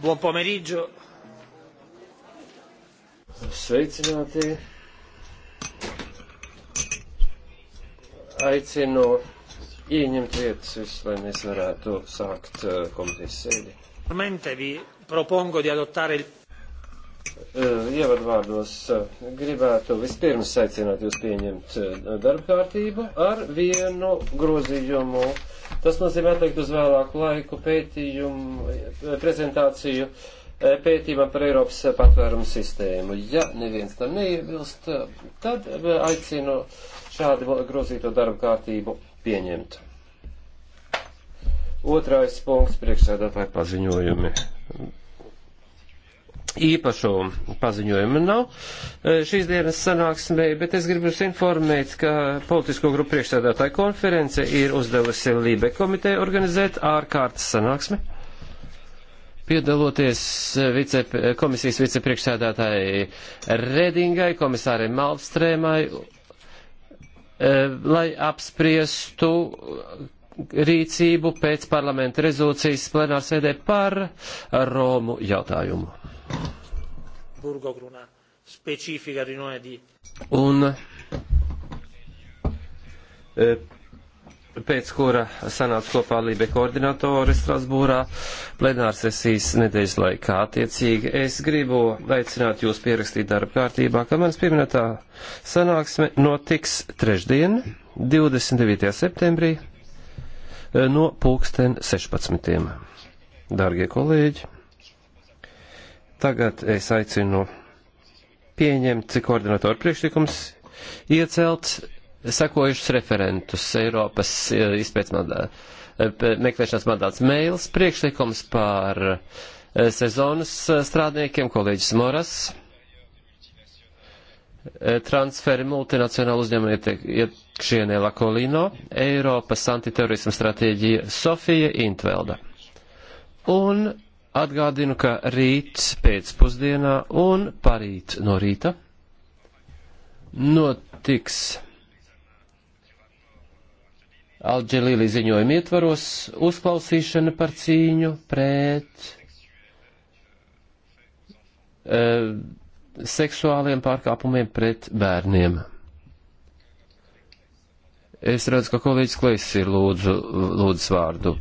Buon pomeriggio. Sveicināti. Aicinu ieņemt vietas visus, lai mēs varētu sākt eh, komitejas sēdi. Mente vi propongo di adottare il eh, ievadvārdos eh, gribētu vispirms aicināt jūs pieņemt darba kārtību ar vienu grozījumu Tas nozīmē atlikt uz vēlāku laiku pētījumu, eh, prezentāciju eh, pētījumam par Eiropas eh, patvērumu sistēmu. Ja neviens tam neiebilst, tad aicinu šādu grozīto darbu kārtību pieņemt. Otrais punkts priekšsēdētāji paziņojumi īpašo paziņojumu nav e, šīs dienas sanāksmē, bet es gribu jūs informēt, ka politisko grupu priekšsēdētāja konference ir uzdevusi Lībe komiteja organizēt ārkārtas sanāksmi. Piedaloties vice, komisijas vicepriekšsēdētāji Redingai, komisārai Malmstrēmai, e, lai apspriestu rīcību pēc parlamenta rezolūcijas plenārsēdē par Romu jautājumu. Un e, pēc kura sanāca kopā Lībe koordinatori Strasbūrā plenārsesijas nedēļas laikā. Attiecīgi es gribu aicināt jūs pierakstīt darba kārtībā, ka manas pieminētā sanāksme notiks trešdien, 29. septembrī Eh, no pulksten 16. Dargie kolēģi, tagad es aicinu pieņemt koordinatoru priekšlikums, iecelt sakojušus referentus Eiropas eh, izpēc mandāta, eh, meklēšanas mandāts mails, priekšlikums par sezonas strādniekiem, kolēģis Moras E, transferi multinacionālu uzņēmumu iekšienē Lakolino, Eiropas antiterorisma stratēģija Sofija Intvelda. Un atgādinu, ka rīt pēcpusdienā un parīt no rīta notiks Alģelīli ziņojumi ietvaros uzklausīšana par cīņu pret. Uh, e, seksuāliem pārkāpumiem pret bērniem. Es redzu, ka kolēģis Klais ir lūdzu, lūdzu vārdu.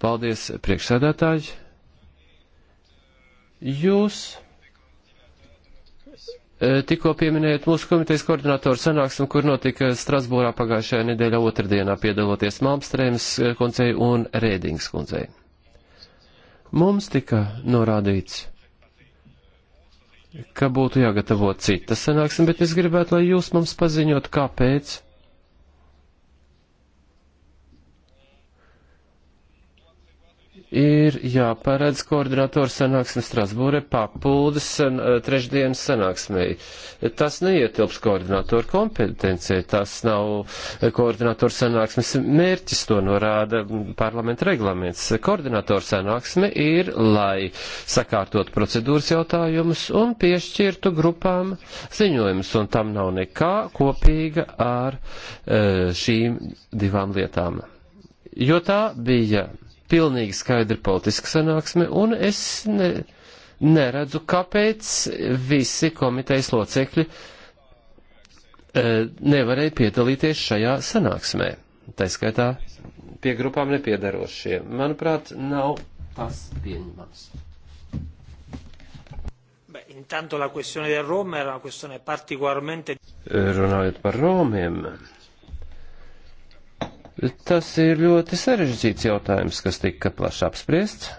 Paldies, priekšsēdētāji. Jūs e, tikko pieminējat mūsu komitejas koordinatoru sanāksmi, kur notika Strasbūrā pagājušajā nedēļā otrdienā piedaloties Malmstrēmas kundzei un Rēdings kundzei. Mums tika norādīts ka būtu jāgatavo cita sanāksme, bet es gribētu, lai jūs mums paziņot, kāpēc ir jāparedz koordinatoru sanāksmi Strasbūrē papildus san, eh, trešdienas sanāksmei. Tas neietilps koordinatoru kompetencē, tas nav eh, koordinatoru sanāksmes mērķis, to norāda mm, parlamenta reglaments. Koordinatoru sanāksme ir, lai sakārtot procedūras jautājumus un piešķirtu grupām ziņojumus, un tam nav nekā kopīga ar eh, šīm divām lietām. Jo tā bija pilnīgi skaidra politiska sanāksme, un es ne, neredzu, kāpēc visi komitejas locekļi e, nevarēja piedalīties šajā sanāksmē. Tā skaitā pie grupām nepiedarošie. Manuprāt, nav tas pieņemams. Runājot par Romiem, Tas ir ļoti sarežģīts jautājums, kas tika plaši apspriests,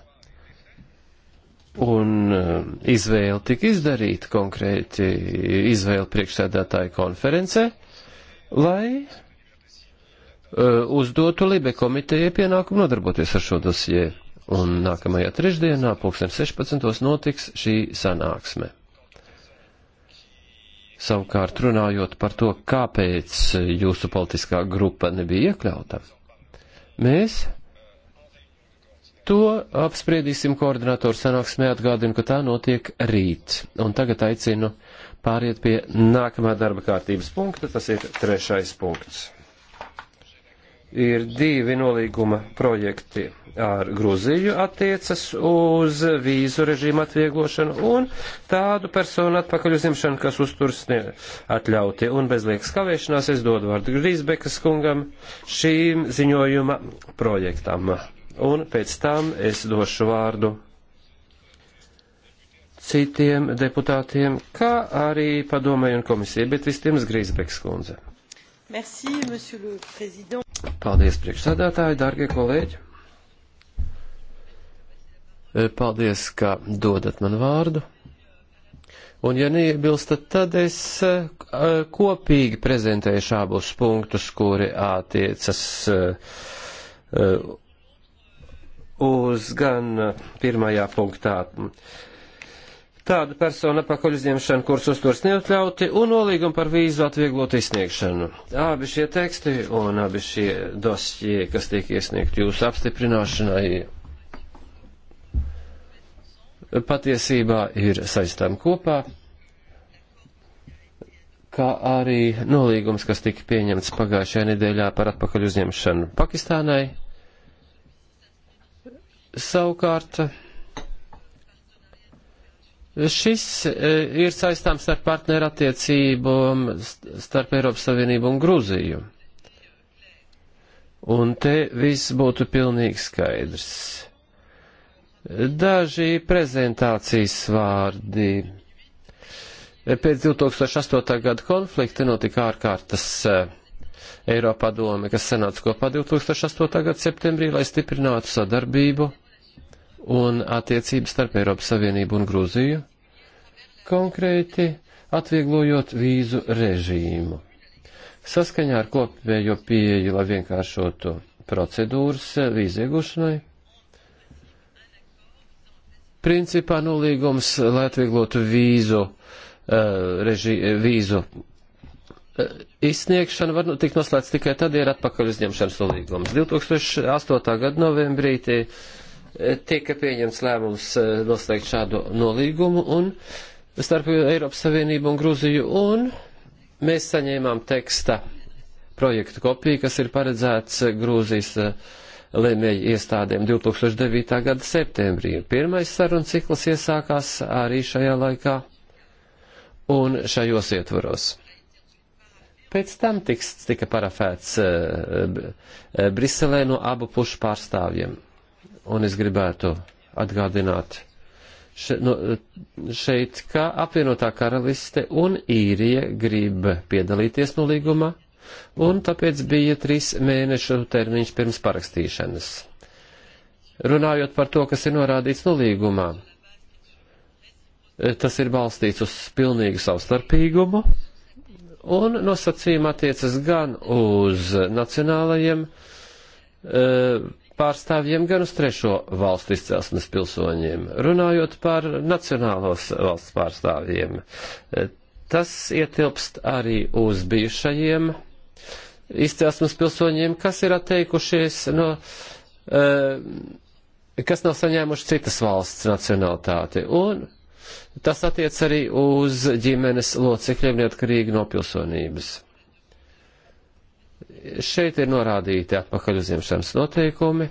un um, izvēle tika izdarīta konkrēti izvēle priekšsēdētāju konferencē, lai uh, uzdotu Libe komitejai pienākumu nodarboties ar šo dosiju. Un nākamajā trešdienā, pulksten 16. notiks šī sanāksme. Savukārt runājot par to, kāpēc jūsu politiskā grupa nebija iekļauta, mēs to apspriedīsim koordinatoru sanāksmē atgādinu, ka tā notiek rīt. Un tagad aicinu pāriet pie nākamā darba kārtības punkta, tas ir trešais punkts ir divi nolīguma projekti ar Gruziju attiecas uz vīzu režīmu atvieglošanu un tādu personu atpakaļ uzņemšanu, kas uzturs neatļauti. Un bez liekas kavēšanās es dodu vārdu Grīsbekas kungam šīm ziņojuma projektam. Un pēc tam es došu vārdu citiem deputātiem, kā arī padomēju un komisiju, bet vispirms Grīsbekas kundze. Merci, monsieur le président. Paldies, priekšsēdētāji, dārgie kolēģi. E, paldies, ka dodat man vārdu. Un, ja neiebilstat, tad es e, e, kopīgi prezentēju šābus punktus, kuri attiecas uz gan pirmajā punktā tādu personu apakaļ uzņemšanu, kuras uzturs neatļauti, un nolīgumu par vīzu atvieglot izsniegšanu. Abi šie teksti un abi šie dosjie, kas tiek iesniegti jūsu apstiprināšanai, patiesībā ir saistām kopā, kā arī nolīgums, kas tika pieņemts pagājušajā nedēļā par atpakaļ uzņemšanu Pakistānai. Savukārt, Šis e, ir saistāms ar partneru attiecībām starp Eiropas Savienību un Gruziju. Un te viss būtu pilnīgi skaidrs. Daži prezentācijas vārdi. Pēc 2008. gada konflikta notika ārkārtas e, Eiropadome, kas sanāca kopā 2008. gada septembrī, lai stiprinātu sadarbību un attiecības starp Eiropas Savienību un Grūziju, konkrēti atvieglojot vīzu režīmu. Saskaņā ar kopējo pieeju, lai vienkāršotu procedūras vīzu iegūšanai, principā nolīgums, lai atvieglotu vīzu, uh, reži, vīzu uh, izsniegšanu, var nu-, tikt noslēgts tikai tad, ja ir atpakaļ uzņemšanas nolīgums. 2008. gada novembrī tie tika pieņemts lēmums eh, noslēgt šādu nolīgumu un starp Eiropas Savienību un Gruziju, un mēs saņēmām teksta projektu kopiju, kas ir paredzēts Grūzijas eh, lēmēju iestādēm 2009. gada septembrī. Pirmais saruna cikls iesākās arī šajā laikā un šajos ietvaros. Pēc tam tiks, tika parafēts eh, Briselē no abu pušu pārstāvjiem. Un es gribētu atgādināt še, no, šeit, ka apvienotā karaliste un īrija grib piedalīties no līguma, un tāpēc bija trīs mēnešu termiņš pirms parakstīšanas. Runājot par to, kas ir norādīts no līgumā, tas ir balstīts uz pilnīgu savstarpīgumu, un nosacījuma attiecas gan uz nacionālajiem uh, pārstāvjiem, gan uz trešo valstu izcelsmes pilsoņiem, runājot par nacionālos valsts pārstāvjiem. Tas ietilpst arī uz bijušajiem izcelsmes pilsoņiem, kas ir atteikušies no, eh, kas nav saņēmuši citas valsts nacionalitāti. Un tas attiec arī uz ģimenes locekļiem neatkarīgi no pilsonības. Šeit ir norādīti atpakaļ uzņemšanas noteikumi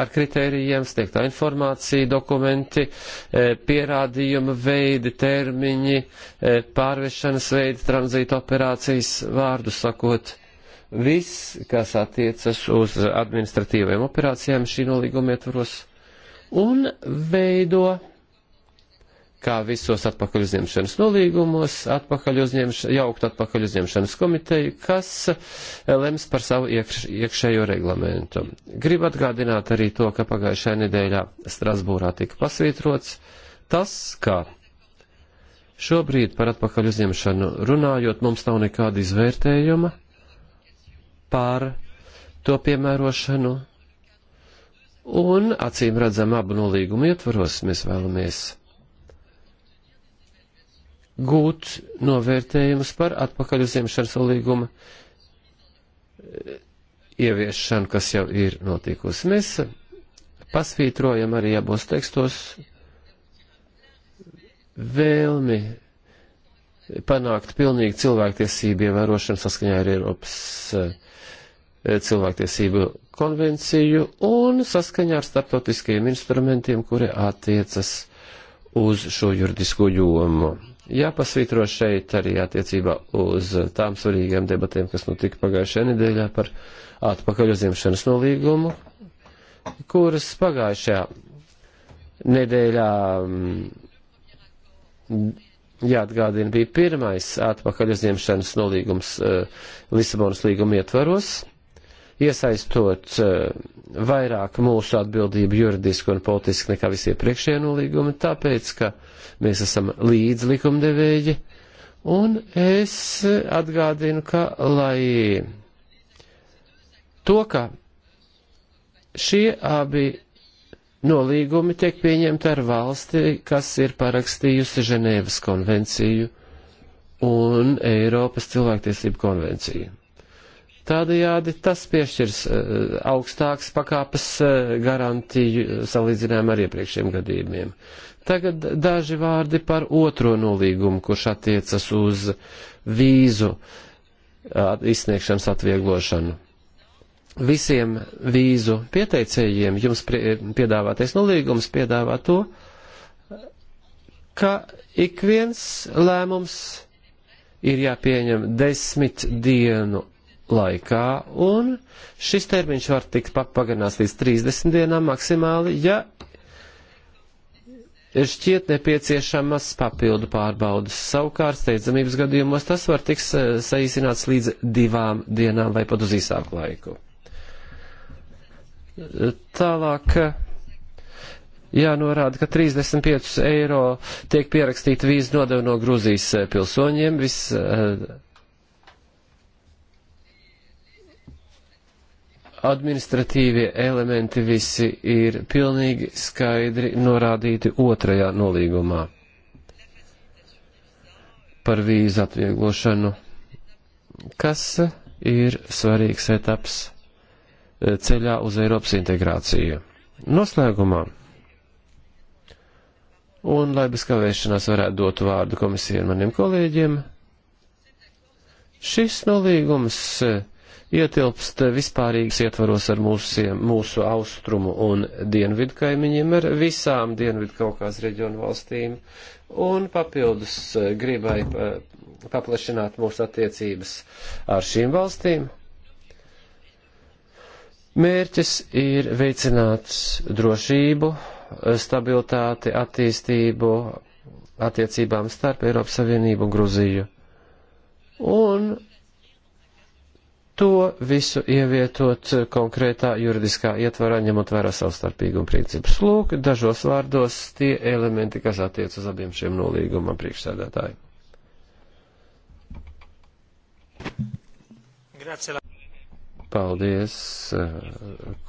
ar kritērijiem, sniegtā informācija, dokumenti, e, pierādījuma veidi, termiņi, e, pārvešanas veidi, tranzīta operācijas, vārdu sakot, viss, kas attiecas uz administratīvajām operācijām šī nolīguma ietvaros un veido kā visos atpakaļ uzņemšanas nolīgumos, atpakaļ uzņemš, jaukt atpakaļ uzņemšanas komiteju, kas eh, lems par savu iekš, iekšējo reglamentu. Gribu atgādināt arī to, ka pagājušajā nedēļā Strasbūrā tika pasvītrots tas, ka šobrīd par atpakaļ uzņemšanu runājot mums nav nekāda izvērtējuma par to piemērošanu, un acīm redzam abu nolīgumu ietvaros mēs vēlamies gūt novērtējumus par atpakaļ uzņemšanas līguma eh, ieviešanu, kas jau ir notikusi. Mēs pasvītrojam arī abos tekstos vēlmi panākt pilnīgi cilvēktiesību ievērošanu saskaņā ar Eiropas eh, cilvēktiesību konvenciju un saskaņā ar starptautiskajiem instrumentiem, kuri attiecas uz šo juridisko jomu. Jāpasvītro šeit arī attiecībā uz tām svarīgām debatēm, kas notika pagājušajā nedēļā par atpakaļ uzņemšanas nolīgumu, kuras pagājušajā nedēļā, mm, jāatgādina, bija pirmais atpakaļ uzņemšanas nolīgums eh, Lisabonas līguma ietvaros, iesaistot eh, vairāk mūsu atbildību juridiski un politiski nekā visie priekšējie nolīgumi, tāpēc, ka mēs esam līdz likumdevēji, un es atgādinu, ka lai to, ka šie abi nolīgumi tiek pieņemti ar valsti, kas ir parakstījusi Ženēvas konvenciju un Eiropas cilvēktiesību konvenciju. Tādējādi tas piešķirs eh, augstāks pakāpes eh, garantiju salīdzinājumā ar iepriekšējiem gadījumiem. Tagad daži vārdi par otro nolīgumu, kurš attiecas uz vīzu eh, izsniegšanas atvieglošanu. Visiem vīzu pieteicējiem jums piedāvātais nolīgums piedāvā to, ka ik viens lēmums ir jāpieņem desmit dienu laikā, un šis termiņš var tikt papagarinās līdz 30 dienām maksimāli, ja ir šķiet nepieciešamas papildu pārbaudas. Savukārt, steidzamības gadījumos tas var tikt eh, saīsināts līdz divām dienām vai pat uz īsāku laiku. Tālāk eh, jānorāda, ka 35 eiro tiek pierakstīta vīzu nodeva no Grūzijas eh, pilsoņiem. Viss administratīvie elementi visi ir pilnīgi skaidri norādīti otrajā nolīgumā par vīzu atvieglošanu, kas ir svarīgs etaps eh, ceļā uz Eiropas integrāciju. Noslēgumā, un lai bez kavēšanās varētu dot vārdu komisijai un maniem kolēģiem, šis nolīgums uh, ietilpst vispārīgas ietvaros ar mūsiem, mūsu austrumu un dienvidu kaimiņiem, ar visām dienvidu Kaukās reģionu valstīm, un papildus eh, gribai eh, paplašināt mūsu attiecības ar šīm valstīm. Mērķis ir veicināt drošību, eh, stabilitāti, attīstību attiecībām starp Eiropas Savienību un Gruziju. Un to visu ievietot konkrētā juridiskā ietvarā, ņemot vērā savstarpīgumu principus. Lūk, dažos vārdos tie elementi, kas attiec uz abiem šiem nolīgumam priekšsēdētāji. Paldies, eh,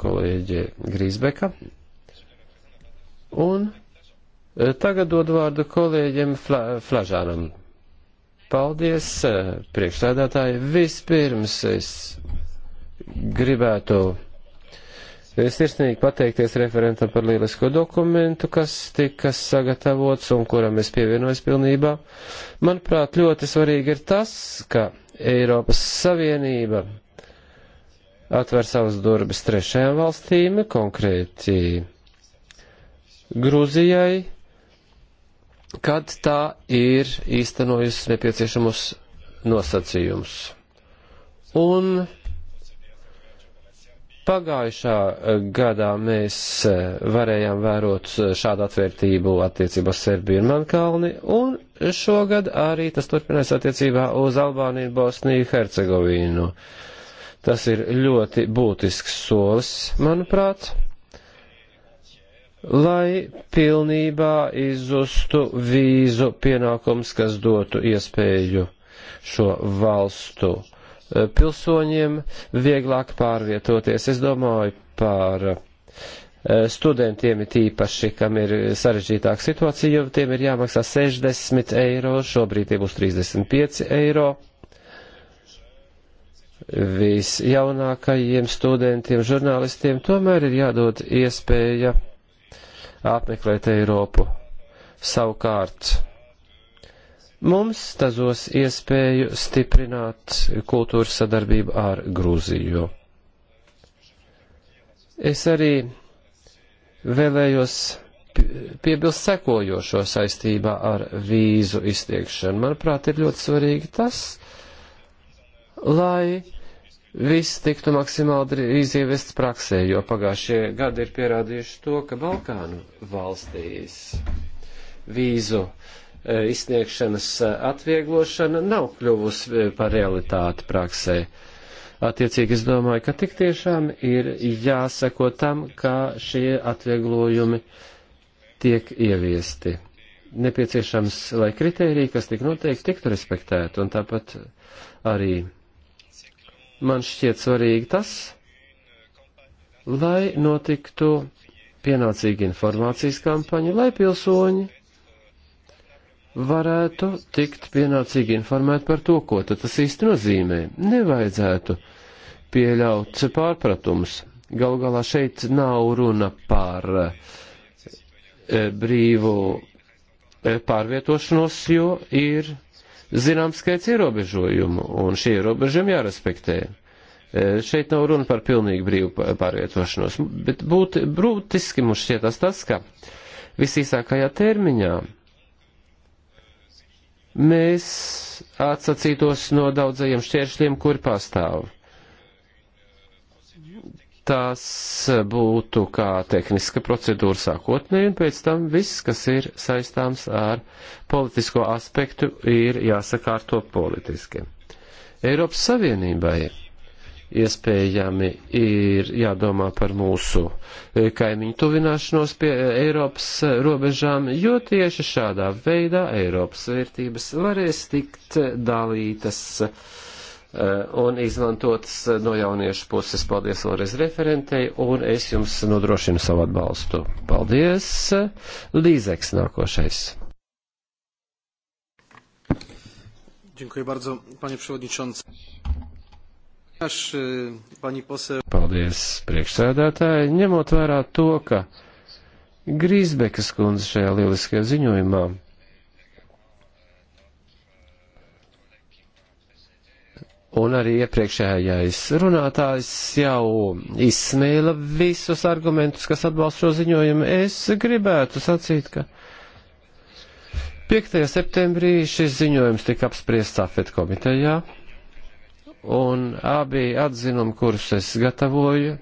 kolēģi Grīsbeka. Un eh, tagad dod vārdu kolēģiem Fla Flažānam. Paldies, eh, priekšsēdētāji. Vispirms es gribētu sirsnīgi pateikties referentam par lielisko dokumentu, kas tika sagatavots un kuram es pievienojos pilnībā. Manuprāt, ļoti svarīgi ir tas, ka Eiropas Savienība atver savas durvis trešajām valstīm, konkrēti Grūzijai, kad tā ir īstenojusi nepieciešamus nosacījumus. Un pagājušā eh, gadā mēs eh, varējām vērot eh, šādu atvērtību attiecībā Serbiju un Mankalni, un šogad arī tas turpinās attiecībā uz Albāniju, Bosniju, Hercegovīnu. Tas ir ļoti būtisks solis, manuprāt lai pilnībā izustu vīzu pienākums, kas dotu iespēju šo valstu eh, pilsoņiem vieglāk pārvietoties. Es domāju par eh, studentiem ir tīpaši, kam ir sarežģītāka situācija, jo tiem ir jāmaksā 60 eiro, šobrīd tie būs 35 eiro visjaunākajiem studentiem, žurnālistiem tomēr ir jādod iespēja apmeklēt Eiropu. Savukārt, mums tazos iespēju stiprināt kultūras sadarbību ar Grūziju. Es arī vēlējos piebilst sekojošo saistībā ar vīzu izsniegšanu. Manuprāt, ir ļoti svarīgi tas, lai viss tiktu maksimāli drīz ievests praksē, jo pagājušie gadi ir pierādījuši to, ka Balkānu valstīs vīzu e, izsniegšanas e, atvieglošana nav kļuvusi e, par realitāti praksē. Attiecīgi es domāju, ka tik tiešām ir jāsako tam, kā šie atvieglojumi tiek ieviesti. Nepieciešams, lai kritēriji, kas tik noteikti, tiktu respektēti, un tāpat arī man šķiet svarīgi tas, lai notiktu pienācīga informācijas kampaņa, lai pilsoņi varētu tikt pienācīgi informēt par to, ko tas īsti nozīmē. Nevajadzētu pieļaut pārpratumus. Galu galā šeit nav runa par e, brīvu e, pārvietošanos, jo ir zināms skaits ierobežojumu, un šie ierobežojumi jārespektē. E, šeit nav runa par pilnīgi brīvu pārvietošanos, bet būt, būtiski mums šķietās tas, ka visīsākajā termiņā mēs atsacītos no daudzajiem šķēršļiem, kuri pastāv tas būtu kā tehniska procedūra sākotnēji, un pēc tam viss, kas ir saistāms ar politisko aspektu, ir jāsakārto politiski. Eiropas Savienībai iespējami ir jādomā par mūsu eh, kaimiņu tuvināšanos pie eh, Eiropas eh, robežām, jo tieši šādā veidā Eiropas vērtības varēs tikt dalītas uh, Eh, un izmantotas eh, no jauniešu puses. Paldies vēlreiz referentei, un es jums nodrošinu savu atbalstu. Paldies! Līzeks nākošais. Dziękuję bardzo, panie przewodniczący. Aż e, pani poseł. Paldies, priekšsēdētāji. Ņemot vērā to, ka Grīsbekas kundze šajā lieliskajā ziņojumā Un arī iepriekšējais runātājs jau izsmēla visus argumentus, kas atbalsta šo ziņojumu. Es gribētu sacīt, ka 5. septembrī šis ziņojums tika apspriests AFET komitejā, un abi atzinumi, kurus es gatavoju,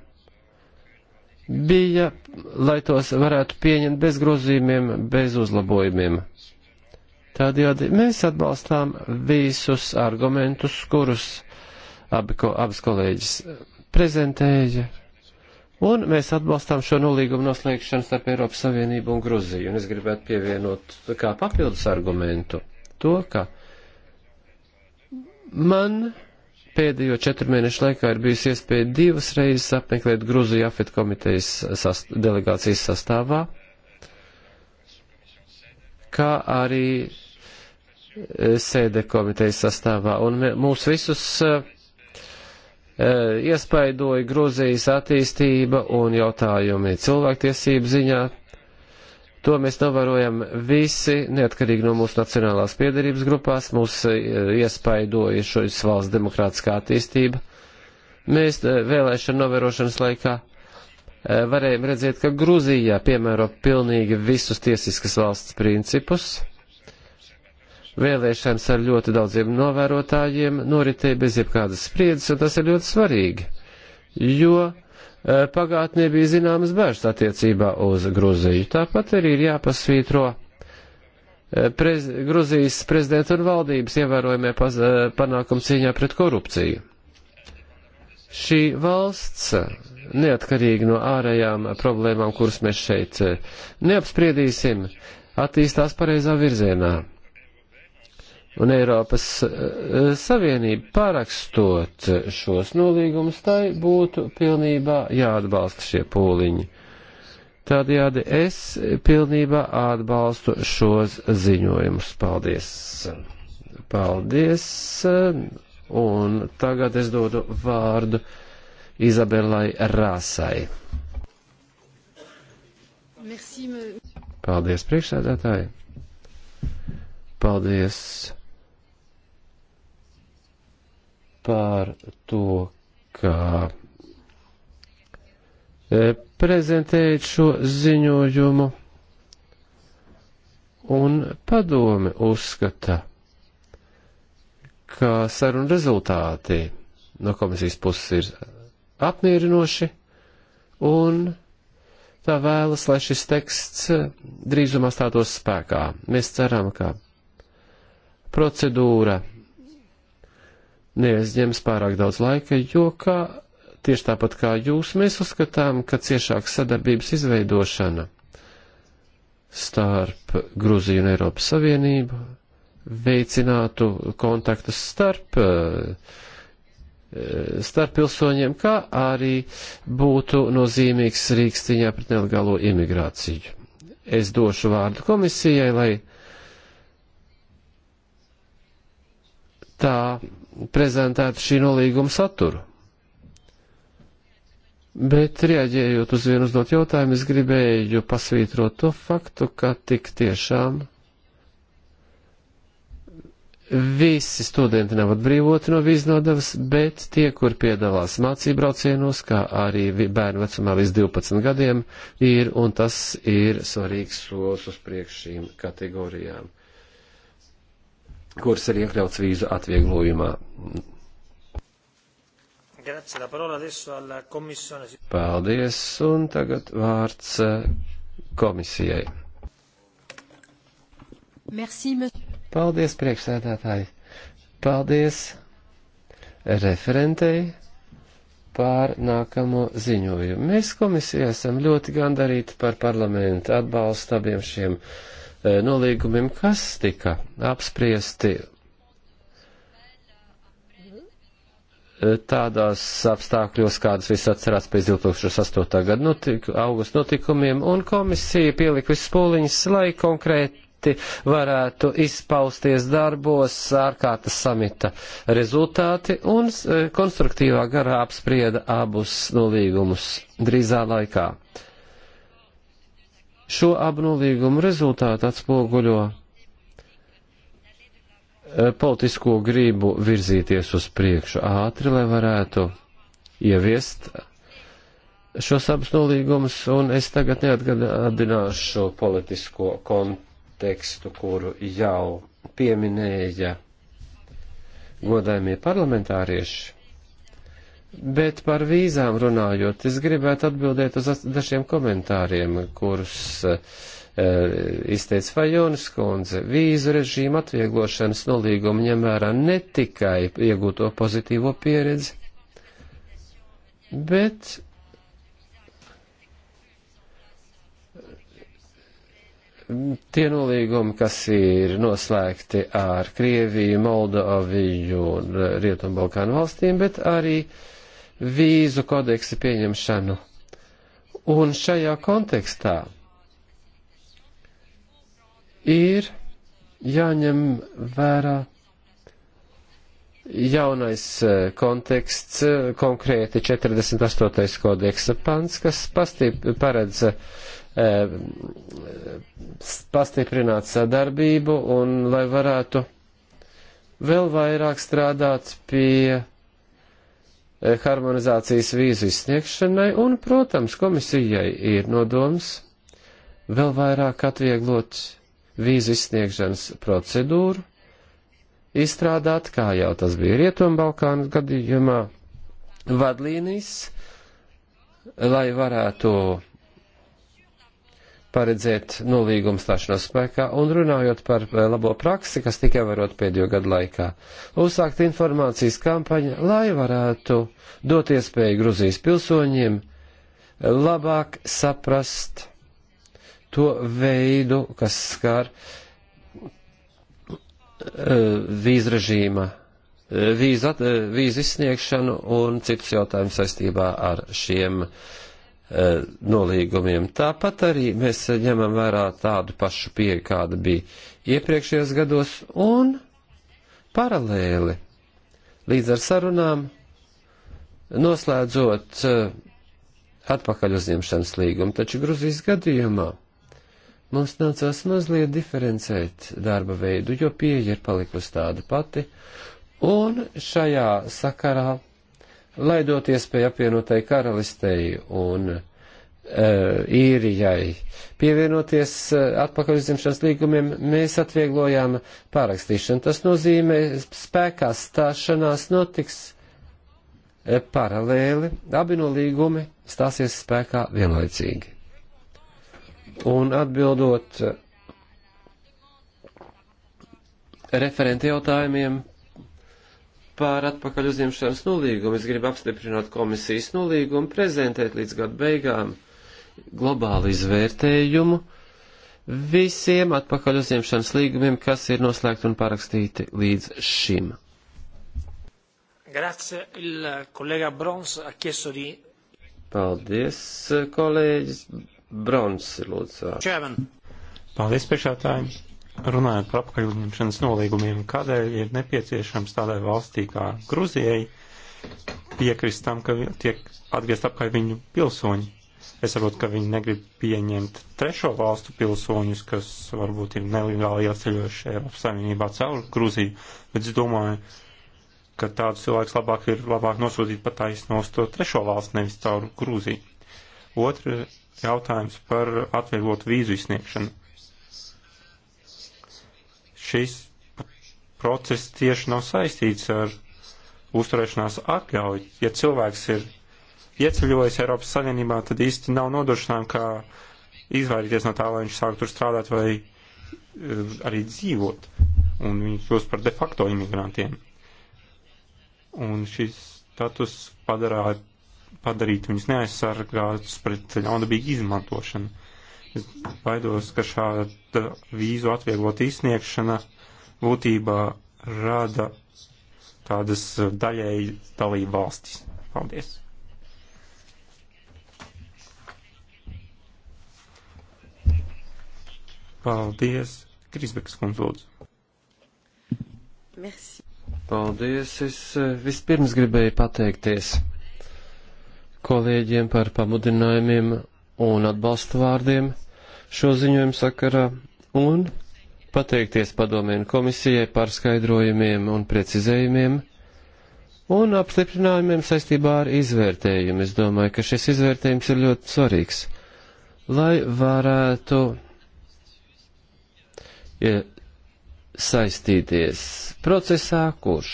bija, lai tos varētu pieņemt bez grozījumiem, bez uzlabojumiem. Tādējādi mēs atbalstām visus argumentus, kurus abi, ko, abas kolēģis prezentēja. Un mēs atbalstām šo nolīgumu noslēgšanu starp Eiropas Savienību un Gruziju. Un es gribētu pievienot kā papildus argumentu to, ka man pēdējo četru mēnešu laikā ir bijusi iespēja divas reizes apmeklēt Gruziju afet komitejas sast delegācijas sastāvā, kā arī Eh, sēde komitejas sastāvā. Un mūs visus eh, eh, iespaidoja Grūzijas attīstība un jautājumi cilvēktiesību ziņā. To mēs novērojam visi, neatkarīgi no mūsu nacionālās piedarības grupās, mūs iespaidoja šis valsts demokrātiskā attīstība. Mēs vēlēšana novērošanas laikā varējām redzēt, ka Grūzijā piemēro pilnīgi visus tiesiskas valsts principus Vēlēšanas ar ļoti daudziem novērotājiem noritēja bez jebkādas spriedzes, un tas ir ļoti svarīgi, jo e, pagātnē bija zināmas bērns attiecībā uz Gruziju. Tāpat arī ir jāpasvītro e, prez, Gruzijas prezidenta un valdības ievērojumie panākumu cīņā pret korupciju. Šī valsts, neatkarīgi no ārējām problēmām, kuras mēs šeit e, neapspriedīsim, attīstās pareizā virzienā un Eiropas eh, Savienība parakstot šos nolīgumus, tai būtu pilnībā jāatbalsta šie pūliņi. Tādējādi es pilnībā atbalstu šos ziņojumus. Paldies! Paldies! Un tagad es dodu vārdu Izabelai Rāsai. Paldies, priekšsēdētāji! Paldies! par to, ka e, prezentējat šo ziņojumu, un padome uzskata, ka saruna rezultāti no komisijas puses ir apmierinoši, un tā vēlas, lai šis teksts drīzumā stātos spēkā. Mēs ceram, ka procedūra neaizņems pārāk daudz laika, jo kā tieši tāpat kā jūs, mēs uzskatām, ka ciešāka sadarbības izveidošana starp Gruziju un Eiropas Savienību veicinātu kontaktus starp uh, starp pilsoņiem, kā arī būtu nozīmīgs rīks cīņā pret nelegālo imigrāciju. Es došu vārdu komisijai, lai tā prezentētu šī nolīguma saturu. Bet reaģējot uz vienu uzdot jautājumu, es gribēju pasvītrot to faktu, ka tik tiešām visi studenti nav atbrīvoti no vīznodevas, bet tie, kur piedalās mācību braucienos, kā arī bērnu vecumā līdz 12 gadiem, ir, un tas ir svarīgs solis uz priekš šīm kategorijām kuras ir iekļauts vīzu atvieglojumā. Paldies, un tagad vārds eh, komisijai. Merci, Paldies, priekšsēdētāji. Paldies referentei pār nākamo ziņojumu. Mēs komisijā esam ļoti gandarīti par parlamentu atbalstu abiem šiem uh, E, nolīgumiem, kas tika apspriesti e, tādās apstākļos, kādas viss atcerās pēc 2008. gada notik, augusta notikumiem, un komisija pielika visus pūliņus, lai konkrēti varētu izpausties darbos ārkārtas samita rezultāti, un e, konstruktīvā garā apsprieda abus nolīgumus drīzā laikā. Šo abu nolīgumu rezultātu atspoguļo e, politisko gribu virzīties uz priekšu ātri, lai varētu ieviest šos abus nolīgumus, un es tagad neatgādināšu politisko kontekstu, kuru jau pieminēja godājumie parlamentārieši. Bet par vīzām runājot, es gribētu atbildēt uz dažiem komentāriem, kurus uh, izteica Fajonas kundze. Vīzu režīmu atvieglošanas nolīguma ņem vērā ne tikai iegūto pozitīvo pieredzi, bet tie nolīgumi, kas ir noslēgti ar Krieviju, Moldoviju un Rietumbalkānu valstīm, bet arī uh, vīzu kodeksa pieņemšanu. Un šajā kontekstā ir jāņem vērā jaunais eh, konteksts, eh, konkrēti 48. kodeksa pants, kas pastip, paredz eh, pastiprināt sadarbību un lai varētu vēl vairāk strādāt pie Eh, harmonizācijas vīzu izsniegšanai, un, protams, komisijai ir nodoms vēl vairāk atvieglot vīzu izsniegšanas procedūru, izstrādāt, kā jau tas bija Rietumbalkānu gadījumā, vadlīnijas, lai varētu paredzēt nolīgumu stāšanos spēkā un runājot par eh, labo praksi, kas tikai varot pēdējo gadu laikā. Uzsākt informācijas kampaņu, lai varētu dot iespēju Gruzijas pilsoņiem eh, labāk saprast to veidu, kas skar eh, vīz režīma, vīzu, vīzu izsniegšanu un citus jautājumus saistībā ar šiem uh, E, nolīgumiem. Tāpat arī mēs ņemam vērā tādu pašu pieeju, kāda bija iepriekšējos gados, un paralēli līdz ar sarunām noslēdzot e, atpakaļ uzņemšanas līgumu. Taču Gruzijas gadījumā mums nācās mazliet diferencēt darba veidu, jo pieeja ir palikusi tāda pati, un šajā sakarā lai dot iespēju apvienotai karalistei un uh, īrijai pievienoties uh, atpakaļ uzņemšanas līgumiem, mēs atvieglojām pārakstīšanu. Tas nozīmē, spēkā stāšanās notiks uh, paralēli, abi no līgumi stāsies spēkā vienlaicīgi. Un atbildot referenta jautājumiem par atpakaļ uzņemšanas nolīgumu. Es gribu apstiprināt komisijas nolīgumu, prezentēt līdz gada beigām globālu izvērtējumu visiem atpakaļ uzņemšanas līgumiem, kas ir noslēgti un parakstīti līdz šim. Grazie, il collega Brons ha chiesto di... Paldies, kolēģis Brons, lūdzu. Čēven. Paldies, priekšētājiem. Runājot par apkaļņemšanas nolīgumiem, kādēļ ir nepieciešams tādai valstī kā Gruzijai piekrist tam, ka tiek atgriezt apkaļ viņu pilsoņi? Es saprotu, ka viņi negrib pieņemt trešo valstu pilsoņus, kas varbūt ir nelegāli ieceļojuši Eiropas Savienībā caur Gruziju, bet es domāju, ka tādus cilvēkus labāk ir labāk nosūtīt pa taisnos to trešo valstu, nevis caur Grūziju. Otra jautājums par atvieglot vīzu izsniegšanu šis process tieši nav saistīts ar uzturēšanās atļauju. Ja cilvēks ir ieceļojis Eiropas Savienībā, tad īsti nav nodrošinājumu, kā izvairīties no tā, lai viņš sāk tur strādāt vai eh, arī dzīvot. Un viņi kļūst par de facto imigrantiem. Un šis status padarā, padarīt viņus neaizsargātus pret ļaunprātīgu izmantošanu. Es baidos, ka šāda vīzu atvieglot izsniegšana būtībā rada tādas daļēji dalību valstis. Paldies! Paldies! Krisbekas kundze lūdzu. Merci. Paldies! Es eh, vispirms gribēju pateikties kolēģiem par pamudinājumiem un atbalsta vārdiem šo ziņojumu sakarā un pateikties padomēnu komisijai par skaidrojumiem un precizējumiem un apstiprinājumiem saistībā ar izvērtējumu. Es domāju, ka šis izvērtējums ir ļoti svarīgs, lai varētu saistīties procesā, kurš,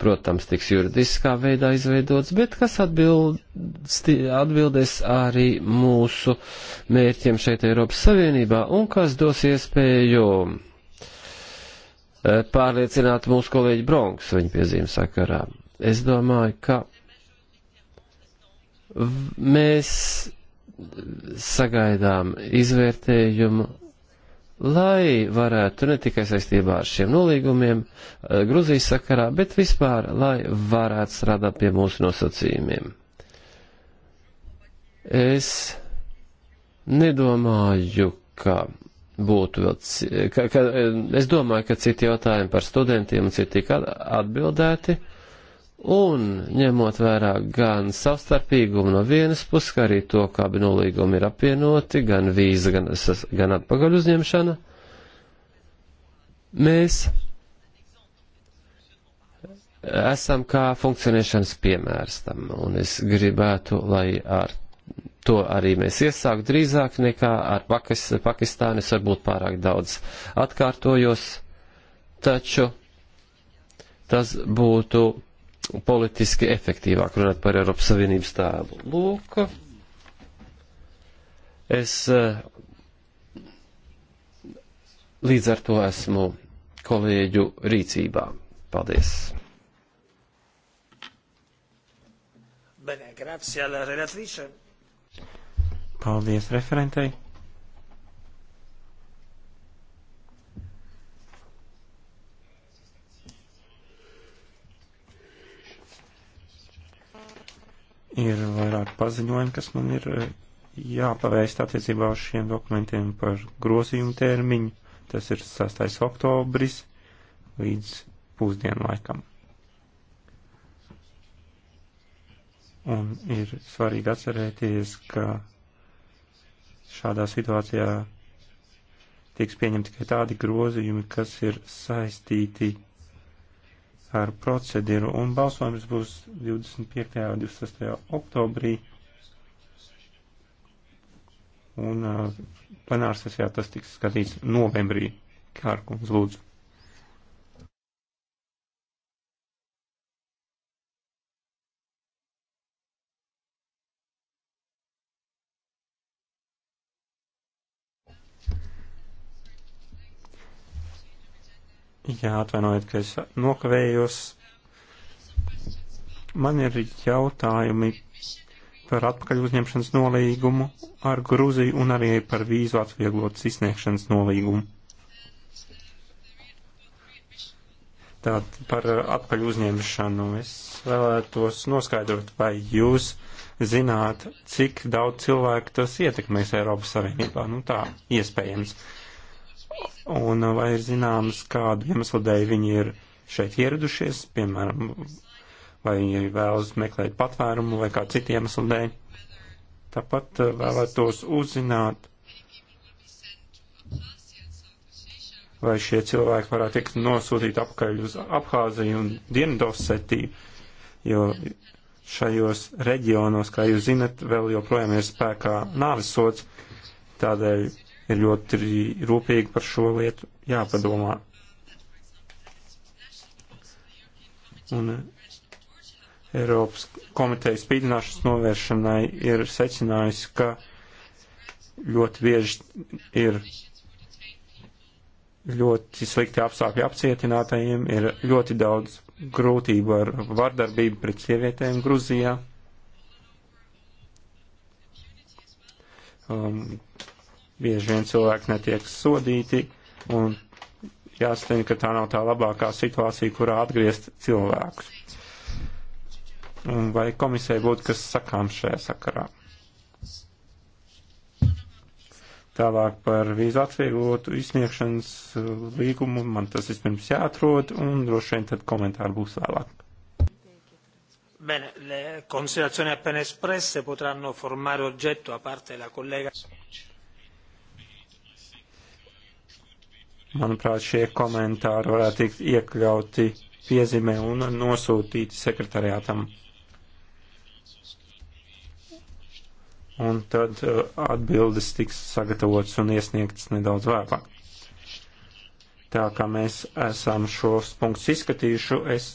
protams, tiks juridiskā veidā izveidots, bet kas atbild, atbildēs arī mūsu mērķiem šeit Eiropas Savienībā un kas dos iespēju eh, pārliecināt mūsu kolēģi Bronks viņa piezīme sakarā. Es domāju, ka mēs sagaidām izvērtējumu lai varētu ne tikai saistībā ar šiem nolīgumiem eh, Gruzijas sakarā, bet vispār, lai varētu strādāt pie mūsu nosacījumiem. Es nedomāju, ka būtu vēl, ka, ka, eh, es domāju, ka citi jautājumi par studentiem un citi tika atbildēti. Uh, Un, ņemot vērā gan savstarpīgumu no vienas puses, kā arī to, kā abi nolīgumi ir apvienoti, gan vīza, gan, gan atpakaļ uzņemšana, mēs esam kā funkcionēšanas piemērs tam, un es gribētu, lai ar to arī mēs iesākt drīzāk nekā ar Pakis, Pakistānu, es varbūt pārāk daudz atkārtojos, taču tas būtu politiski efektīvāk runāt par Eiropas Savienības tēlu. Lūk, es eh, līdz ar to esmu kolēģu rīcībā. Paldies! Bene, grazie alla relatrice. Paldies referentei. Ir vairāk paziņojumi, kas man ir eh, jāpavēst attiecībā uz šiem dokumentiem par grozījumu termiņu. Tas ir 6. oktobris līdz pusdienu laikam. Un ir svarīgi atcerēties, ka šādā situācijā tiks pieņemti tikai tādi grozījumi, kas ir saistīti par procedīru, un balsojums būs 25. un 26. oktobrī. Un uh, plenārsesijā tas tiks skatīts novembrī. Kārkums, lūdzu. Jā, atvainojiet, ka es nokavējos. Man ir jautājumi par atpakaļ uzņemšanas nolīgumu ar Gruziju un arī par vīzu atvieglotas izsniegšanas nolīgumu. Tātad par atpakaļ uzņemšanu es vēlētos noskaidrot, vai jūs zināt, cik daudz cilvēku tas ietekmēs Eiropas Savienībā. Nu tā, iespējams. Uh, un uh, vai ir zināms, kādu iemeslu dēļ viņi ir šeit ieradušies, piemēram, vai viņi vēlas meklēt patvērumu vai kā citu iemeslu dēļ. Tāpat uh, vēlētos uzzināt, vai šie cilvēki varētu tikt nosūtīti apkaļ uz Abhāziju un Dienvidosetiju, jo šajos reģionos, kā jūs zinat, vēl joprojām ir spēkā nāvisots, tādēļ ir ļoti rūpīgi par šo lietu jāpadomā. Un eh, Eiropas komiteja spīdināšanas novēršanai ir secinājusi, ka ļoti bieži ir ļoti slikti apstākļi apcietinātajiem, ir ļoti daudz grūtību ar vardarbību pret sievietēm Gruzijā. Um, Bieži vien cilvēki netiek sodīti un jāsaka, ka tā nav tā labākā situācija, kurā atgriezt cilvēkus. Un vai komisija būtu kas sakām šajā sakarā? Tālāk par vīzu atvieglotu izsniegšanas uh, līgumu man tas vispirms jāatrod un droši vien tad komentāri būs vēlāk. Bene, le considerazioni appena espresse potranno formare oggetto, a parte la collega. Manuprāt, šie komentāri varētu tikt iekļauti piezīmē un nosūtīti sekretariātam. Un tad uh, atbildes tiks sagatavotas un iesniegtas nedaudz vēlāk. Tā kā mēs esam šos punktus izskatījuši, es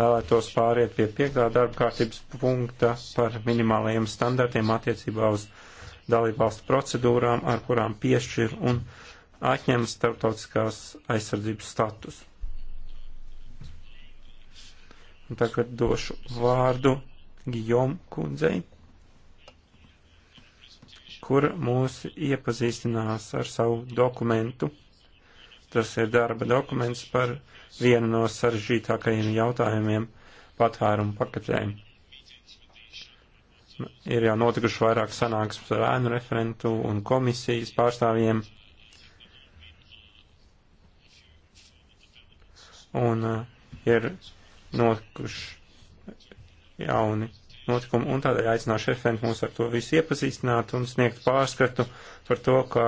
vēlētos pāriet pie piektā darba kārtības punkta par minimālajiem standartiem attiecībā uz dalībvalstu procedūrām, ar kurām piešķir un uh, atņem starptautiskās aizsardzības status. Un tagad došu vārdu Gijom kundzei, kur mūs iepazīstinās ar savu dokumentu. Tas ir darba dokuments par vienu no sarežģītākajiem jautājumiem patvērumu paketēm. Ir jau notikuši vairāk sanāksmes ar ēnu referentu un komisijas pārstāvjiem un uh, ir notikuši jauni notikumi, un tādēļ aicināšu referentu mūs ar to visu iepazīstināt un sniegt pārskatu par to, kā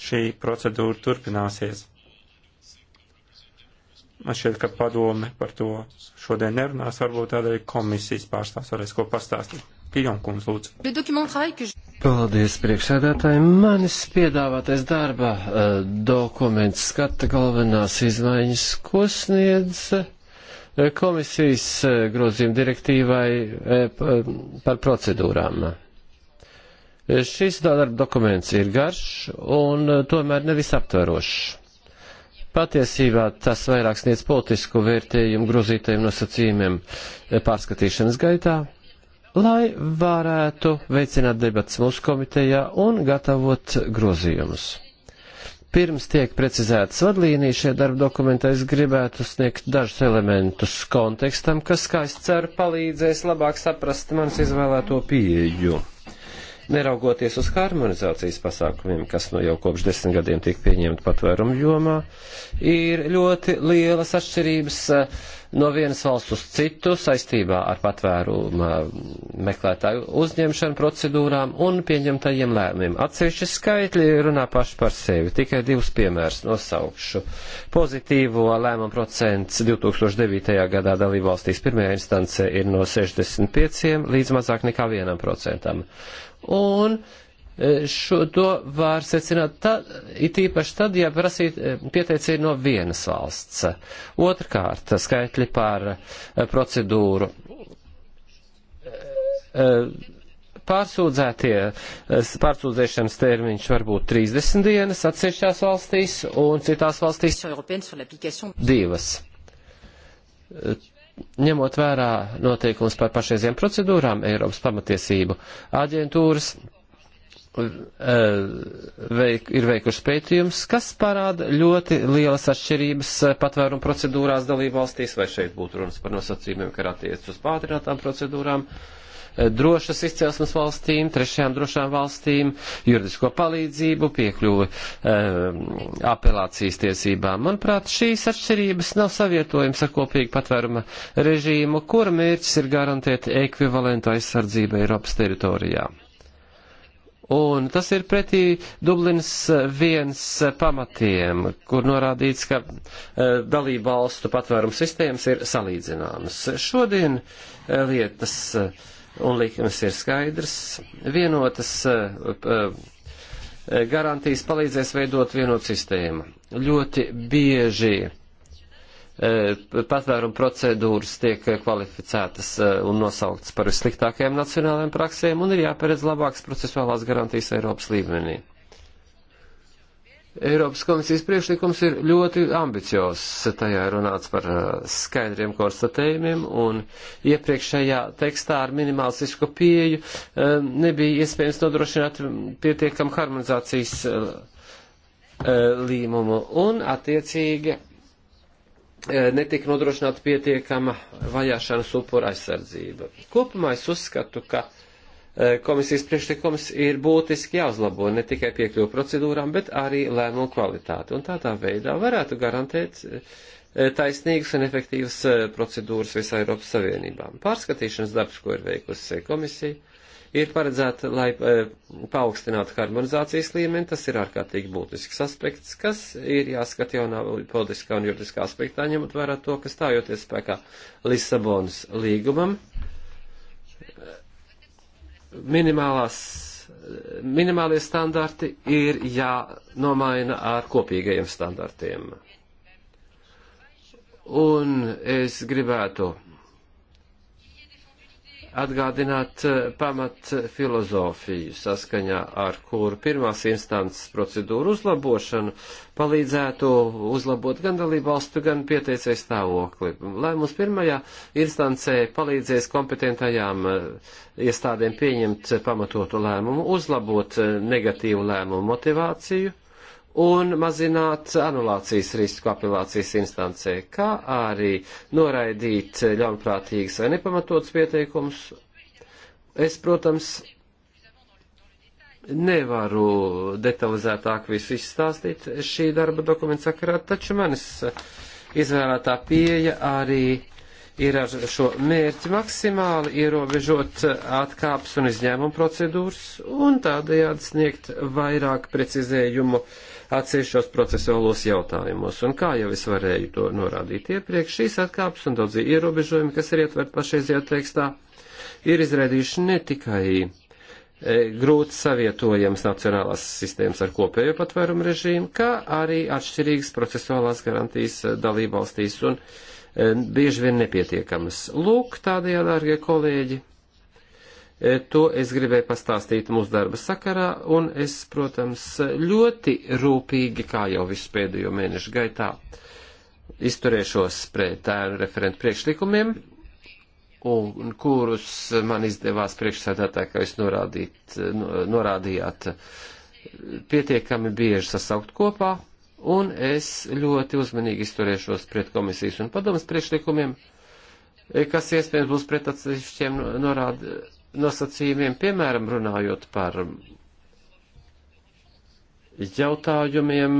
šī procedūra turpināsies. Man šķiet, ka padome par to šodien nerunās, varbūt tādēļ komisijas pārstāvs varēs ko pastāstīt. Pijonkums, lūdzu. Paldies priekšsēdētājiem. Manis piedāvātais darba uh, dokuments skata galvenās izmaiņas, ko sniedz uh, komisijas uh, grozījuma direktīvai par procedūrām. Šis darba dokuments ir garš un tomēr nevis aptverošs. Patiesībā tas vairāk sniedz politisku vērtējumu grozītajiem nosacījumiem pārskatīšanas gaitā lai varētu veicināt debats mūsu komitejā un gatavot grozījumus. Pirms tiek precizētas vadlīnijas šajā darba dokumentā, es gribētu sniegt dažus elementus kontekstam, kas, kā es ceru, palīdzēs labāk saprast manas izvēlēto pieeju neraugoties uz harmonizācijas pasākumiem, kas no nu jau kopš desmit gadiem tiek pieņemta patvērumu jomā, ir ļoti lielas atšķirības eh, no vienas valsts uz citu saistībā ar patvērumu mm, meklētāju uzņemšanu procedūrām un pieņemtajiem lēmumiem. Atsevišķi skaitļi runā paši par sevi. Tikai divus piemērus nosaukšu. Pozitīvo lēmumu procents 2009. gadā dalībvalstīs pirmajā instance ir no 65 līdz mazāk nekā 1% un e, šo to var secināt tā, it īpaši tad, ja prasīt e, pieteicēju no vienas valsts. Otrkārt, skaitļi par e, procedūru pārsūdzētie, pārsūdzēšanas termiņš var būt 30 dienas atsevišķās valstīs un citās valstīs divas ņemot vērā noteikums par pašreiziem procedūrām Eiropas pamatiesību aģentūras uh, veik, ir veikuši pētījums, kas parāda ļoti lielas atšķirības uh, patvērumu procedūrās dalībvalstīs, vai šeit būtu runas par nosacījumiem, kā attiec uz pātrinātām procedūrām. Uh, drošas izcelsmes valstīm, trešajām drošām valstīm, juridisko palīdzību, piekļuvi um, apelācijas tiesībām. Manuprāt, šīs atšķirības nav savietojums ar kopīgu patvēruma režīmu, kura mērķis ir garantēt ekvivalentu aizsardzību Eiropas teritorijā. Un tas ir pretī Dublinas viens pamatiem, kur norādīts, ka eh, dalība valstu patvērums sistēmas ir salīdzināmas. Šodien eh, lietas un likmes ir skaidrs. Vienotas eh, eh, garantijas palīdzēs veidot vienotu sistēmu. Ļoti bieži eh, patvērumu procedūras tiek kvalificētas un nosauktas par vissliktākajām nacionālajām praksēm un ir jāparedz labākas procesuālās garantijas Eiropas līmenī. Eiropas komisijas priekšlikums ir ļoti ambiciozs. Tajā ir runāts par uh, skaidriem konstatējumiem, un iepriekšējā tekstā ar minimālistisku pieju um, nebija iespējams nodrošināt pietiekam harmonizācijas uh, uh, līmumu, un attiecīgi netika nodrošināta pietiekama vajāšanas upura aizsardzība. Kopumā es uzskatu, ka Eh, komisijas priekšlikums ir būtiski jāuzlabo ne tikai piekļuvu procedūrām, bet arī lēmumu kvalitāti. Un tādā veidā varētu garantēt eh, taisnīgas un efektīvas eh, procedūras visā Eiropas Savienībā. Pārskatīšanas darbs, ko ir veikusi komisija, ir paredzēta, lai paaugstinātu harmonizācijas līmeni. Tas ir ārkārtīgi būtisks aspekts, kas ir jāskat jaunā politiskā un juridiskā aspektā, ņemot vērā to, ka stājoties spēkā Lisabonas līgumam minimālās, minimālie standarti ir jānomaina ar kopīgajiem standartiem. Un es gribētu atgādināt eh, pamat filozofiju, saskaņā ar kuru pirmās instances procedūru uzlabošanu palīdzētu uzlabot gan dalību valstu, gan pieteicēju stāvokli. Lai mums pirmajā instancē palīdzēs kompetentajām eh, iestādēm pieņemt pamatotu lēmumu, uzlabot eh, negatīvu lēmumu motivāciju un mazināt anulācijas risku apelācijas instancē, kā arī noraidīt ļaunprātīgas vai nepamatotas pieteikumus. Es, protams, nevaru detalizētāk visu izstāstīt šī darba dokumenta sakarā, taču manis izvēlētā pieeja arī ir ar šo mērķi maksimāli ierobežot atkāpes un izņēmumu procedūras un tādējādi sniegt vairāk precizējumu uh, atsevišķos procesuālos jautājumos. Un kā jau es varēju to norādīt iepriekš, šīs atkāpes un daudzi ierobežojumi, kas ir ietverti pašreizajā tekstā, ir izraidījuši ne tikai e, grūti savietojams nacionālās sistēmas ar kopējo patvērumu režīmu, kā arī atšķirīgas procesuālās garantijas e, dalībvalstīs un e, bieži vien nepietiekamas. Lūk, tādējā, dārgie kolēģi, E, to es gribēju pastāstīt mūsu darba sakarā, un es, protams, ļoti rūpīgi, kā jau visu pēdējo mēnešu gaitā, izturēšos pret ēnu referentu priekšlikumiem, un kurus man izdevās priekšsēdētāji, kā jūs norādīt, norādījāt, pietiekami bieži sasaukt kopā, un es ļoti uzmanīgi izturēšos pret komisijas un padomas priekšlikumiem, e, kas iespējams būs pret atsevišķiem norādījumiem nosacījumiem, piemēram, runājot par jautājumiem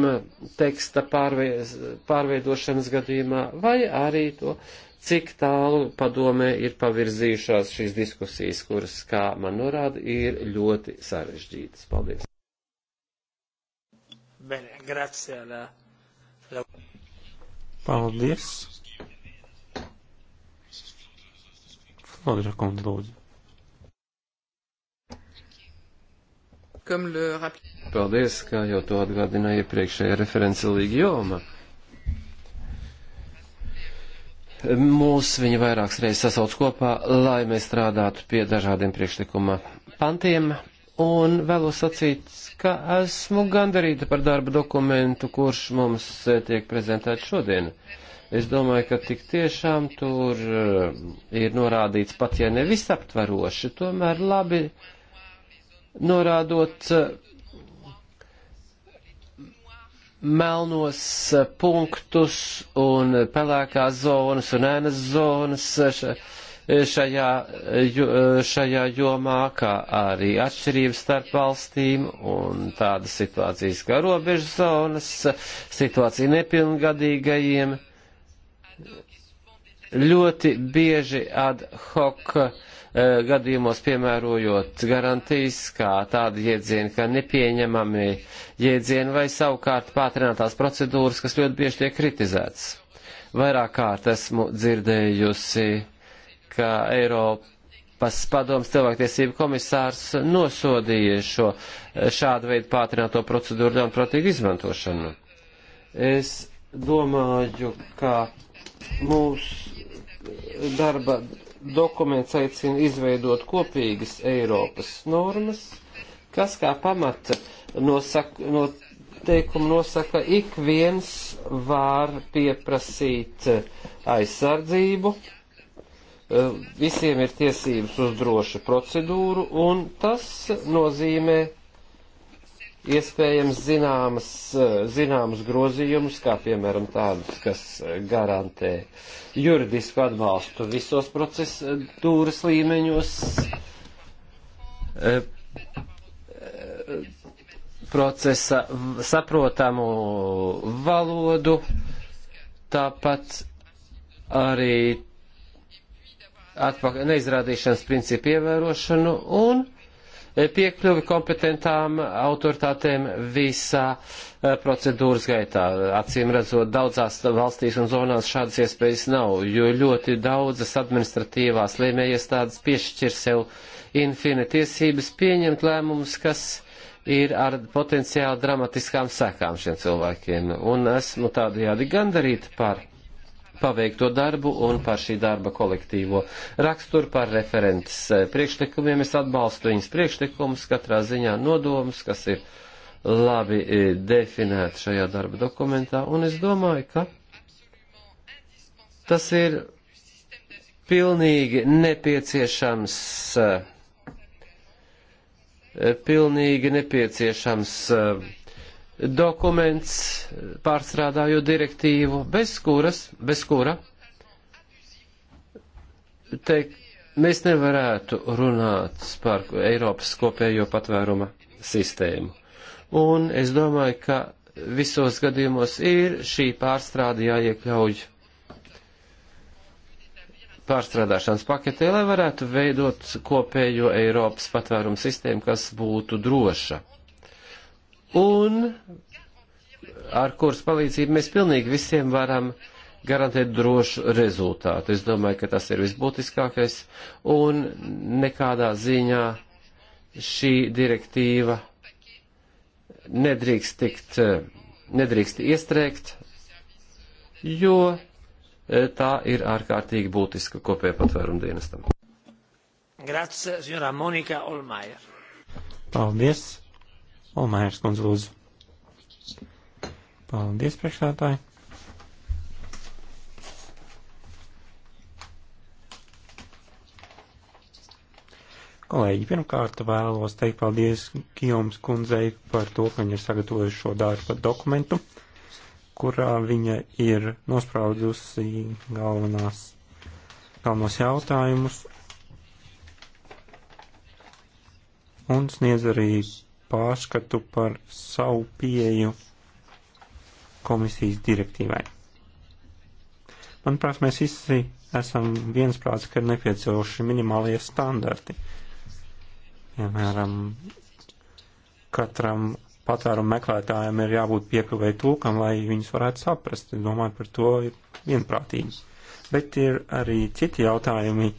teksta pārveidošanas gadījumā, vai arī to, cik tālu padomē ir pavirzījušās šīs diskusijas, kuras, kā man norāda, ir ļoti sarežģītas. Paldies! Bene, grazie alla... alla... Paldies! Flodra kundze, lūdzu. comme le rappelait. Paldies, kā jau to atgādināja iepriekšējā referenci Ligijoma. Mūs viņi vairākas reizes sasauc kopā, lai mēs strādātu pie dažādiem priekšlikuma pantiem, un vēlos sacīt, ka esmu gandarīta par darba dokumentu, kurš mums e, tiek prezentēts šodien. Es domāju, ka tik tiešām tur e, ir norādīts, pat ja nevisaptvaroši, tomēr labi norādot eh, melnos eh, punktus un pelēkās zonas un ēnas zonas eh, šajā, šajā jomā, kā arī atšķirības starp valstīm un tādas situācijas kā robežu zonas, situācija nepilngadīgajiem. Ļoti bieži ad hoc uh, Eh, gadījumos piemērojot garantijas, kā tādi jēdzieni, kā nepieņemami jēdzieni vai savukārt pātrinātās procedūras, kas ļoti bieži tiek kritizētas. Vairāk kārt esmu dzirdējusi, ka Eiropa Eiropas padoms cilvēktiesību komisārs nosodīja šo eh, šādu veidu pātrināto procedūru ļaunprātīgu izmantošanu. Es domāju, ka mūsu darba dokuments aicina izveidot kopīgas Eiropas normas, kas kā pamata nosaka, noteikumu nosaka ik viens var pieprasīt eh, aizsardzību, eh, visiem ir tiesības uz drošu procedūru, un tas nozīmē iespējams zināmas, eh, zināmas grozījumus, kā piemēram tādus, kas eh, garantē juridisku atbalstu visos procesūras eh, līmeņos, procesa saprotamu valodu, tāpat arī neizrādīšanas principu ievērošanu un Eh, piekļuvi kompetentām autoritātēm visā eh, procedūras gaitā. Acīm redzot, daudzās valstīs un zonās šādas iespējas nav, jo ļoti daudzas administratīvās lēmējiestādes piešķir sev infini tiesības pieņemt lēmumus, kas ir ar potenciāli dramatiskām sekām šiem cilvēkiem. Un esmu tādajādi gandarīti par paveikto darbu un par šī darba kolektīvo raksturu, par referentes eh, priekšlikumiem. Es atbalstu viņas priekšlikumus, katrā ziņā nodomus, kas ir labi eh, definēti šajā darba dokumentā, un es domāju, ka tas ir pilnīgi nepieciešams eh, pilnīgi nepieciešams uh, dokuments, pārstrādājot direktīvu, bez kuras, bez kura, teikt, mēs nevarētu runāt par Eiropas kopējo patvēruma sistēmu. Un es domāju, ka visos gadījumos ir šī pārstrāde jāiekļauj pārstrādāšanas paketē, lai varētu veidot kopējo Eiropas patvērumu sistēmu, kas būtu droša un ar kuras palīdzību mēs pilnīgi visiem varam garantēt drošu rezultātu. Es domāju, ka tas ir visbūtiskākais un nekādā ziņā šī direktīva nedrīkst tikt, nedrīkst iestrēgt, jo e, tā ir ārkārtīgi būtiska kopēja patvērumu dienestam. Grazie, signora Monika Olmajer. Paldies. Olmairs kundze lūdzu. Paldies, priekšstādāji. Kolēģi, pirmkārt vēlos teikt paldies Kijoms kundzei par to, ka viņa ir sagatavojusi šo darba dokumentu, kurā viņa ir nospraudusi galvenās, galvenos jautājumus un sniedz arī pārskatu par savu pieeju komisijas direktīvai. Manuprāt, mēs visi esam viensprāts, ka ir nepieciešami minimālie standarti. Piemēram, katram patērumu meklētājiem ir jābūt piekļuvēji tūkam, lai viņus varētu saprast. Es domāju, par to ir vienprātīgi. Bet ir arī citi jautājumi,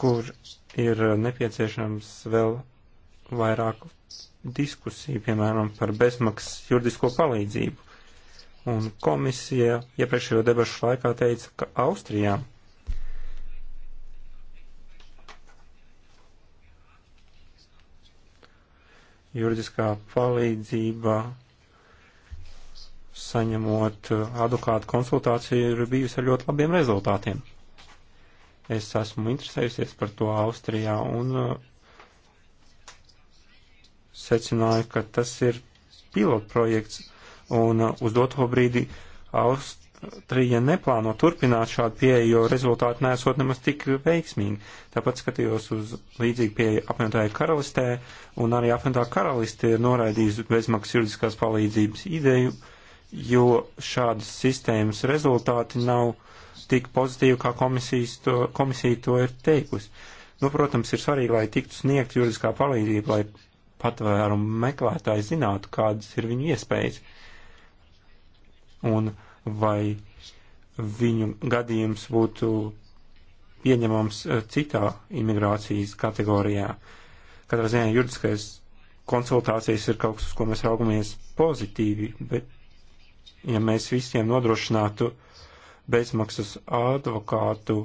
kur ir nepieciešams vēl vairāk diskusiju, piemēram, par bezmaksas juridisko palīdzību. Un komisija iepriekšējo debašu laikā teica, ka Austrijā juridiskā palīdzība saņemot uh, advokātu konsultāciju ir bijusi ar ļoti labiem rezultātiem. Es esmu interesējusies par to Austrijā un uh, secināja, ka tas ir pilotprojekts, un uh, uz doto brīdi Austrija neplāno turpināt šādu pieeju, jo rezultāti nesot nemaz tik veiksmīgi. Tāpat skatījos uz līdzīgu pieeju apvienotāju karalistē, un arī apvienotā karaliste ir noraidījusi bezmaksas juridiskās palīdzības ideju, jo šādas sistēmas rezultāti nav tik pozitīvi, kā to, komisija to ir teikusi. Nu, protams, ir svarīgi, lai tiktu sniegt juridiskā palīdzība, lai patvērumu meklētāji zinātu, kādas ir viņu iespējas un vai viņu gadījums būtu pieņemams eh, citā imigrācijas kategorijā. Katrā ziņā juridiskais konsultācijas ir kaut kas, uz ko mēs raugamies pozitīvi, bet ja mēs visiem nodrošinātu bezmaksas advokātu,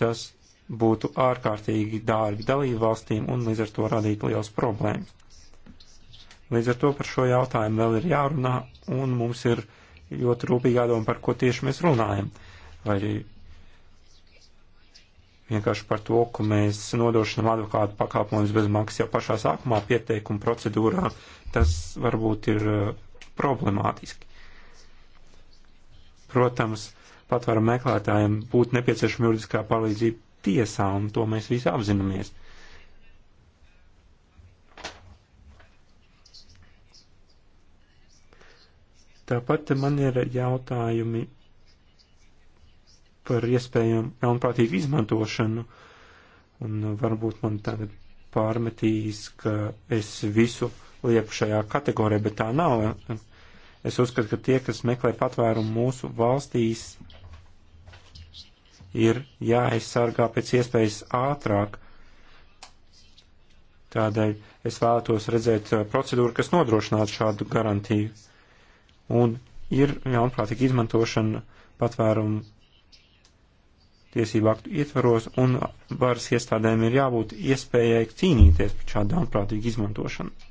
tas būtu ārkārtīgi dārgi dalību valstīm un līdz ar to radītu liels problēmas. Līdz ar to par šo jautājumu vēl ir jārunā un mums ir ļoti rūpīgi jādoma, par ko tieši mēs runājam. Vai vienkārši par to, ka mēs nodošanam advokātu pakāpojumus bez maksas jau pašā sākumā pieteikuma procedūrā, tas varbūt ir uh, problemātiski. Protams, patvaram meklētājiem būtu nepieciešama juridiskā palīdzība tiesā, un to mēs visi apzināmies. Tāpat man ir jautājumi par iespējamu ļaunprātīgu izmantošanu, un varbūt man tagad pārmetīs, ka es visu lieku šajā kategorijā, bet tā nav. Es uzskatu, ka tie, kas meklē patvērumu mūsu valstīs, ir jāaizsargā pēc iespējas ātrāk. Tādēļ es vēlētos redzēt uh, procedūru, kas nodrošinātu šādu garantiju. Un ir ļaunprātīga izmantošana patvērumu tiesību aktu ietvaros, un varas iestādēm ir jābūt iespējai cīnīties par šādu ļaunprātīgu izmantošanu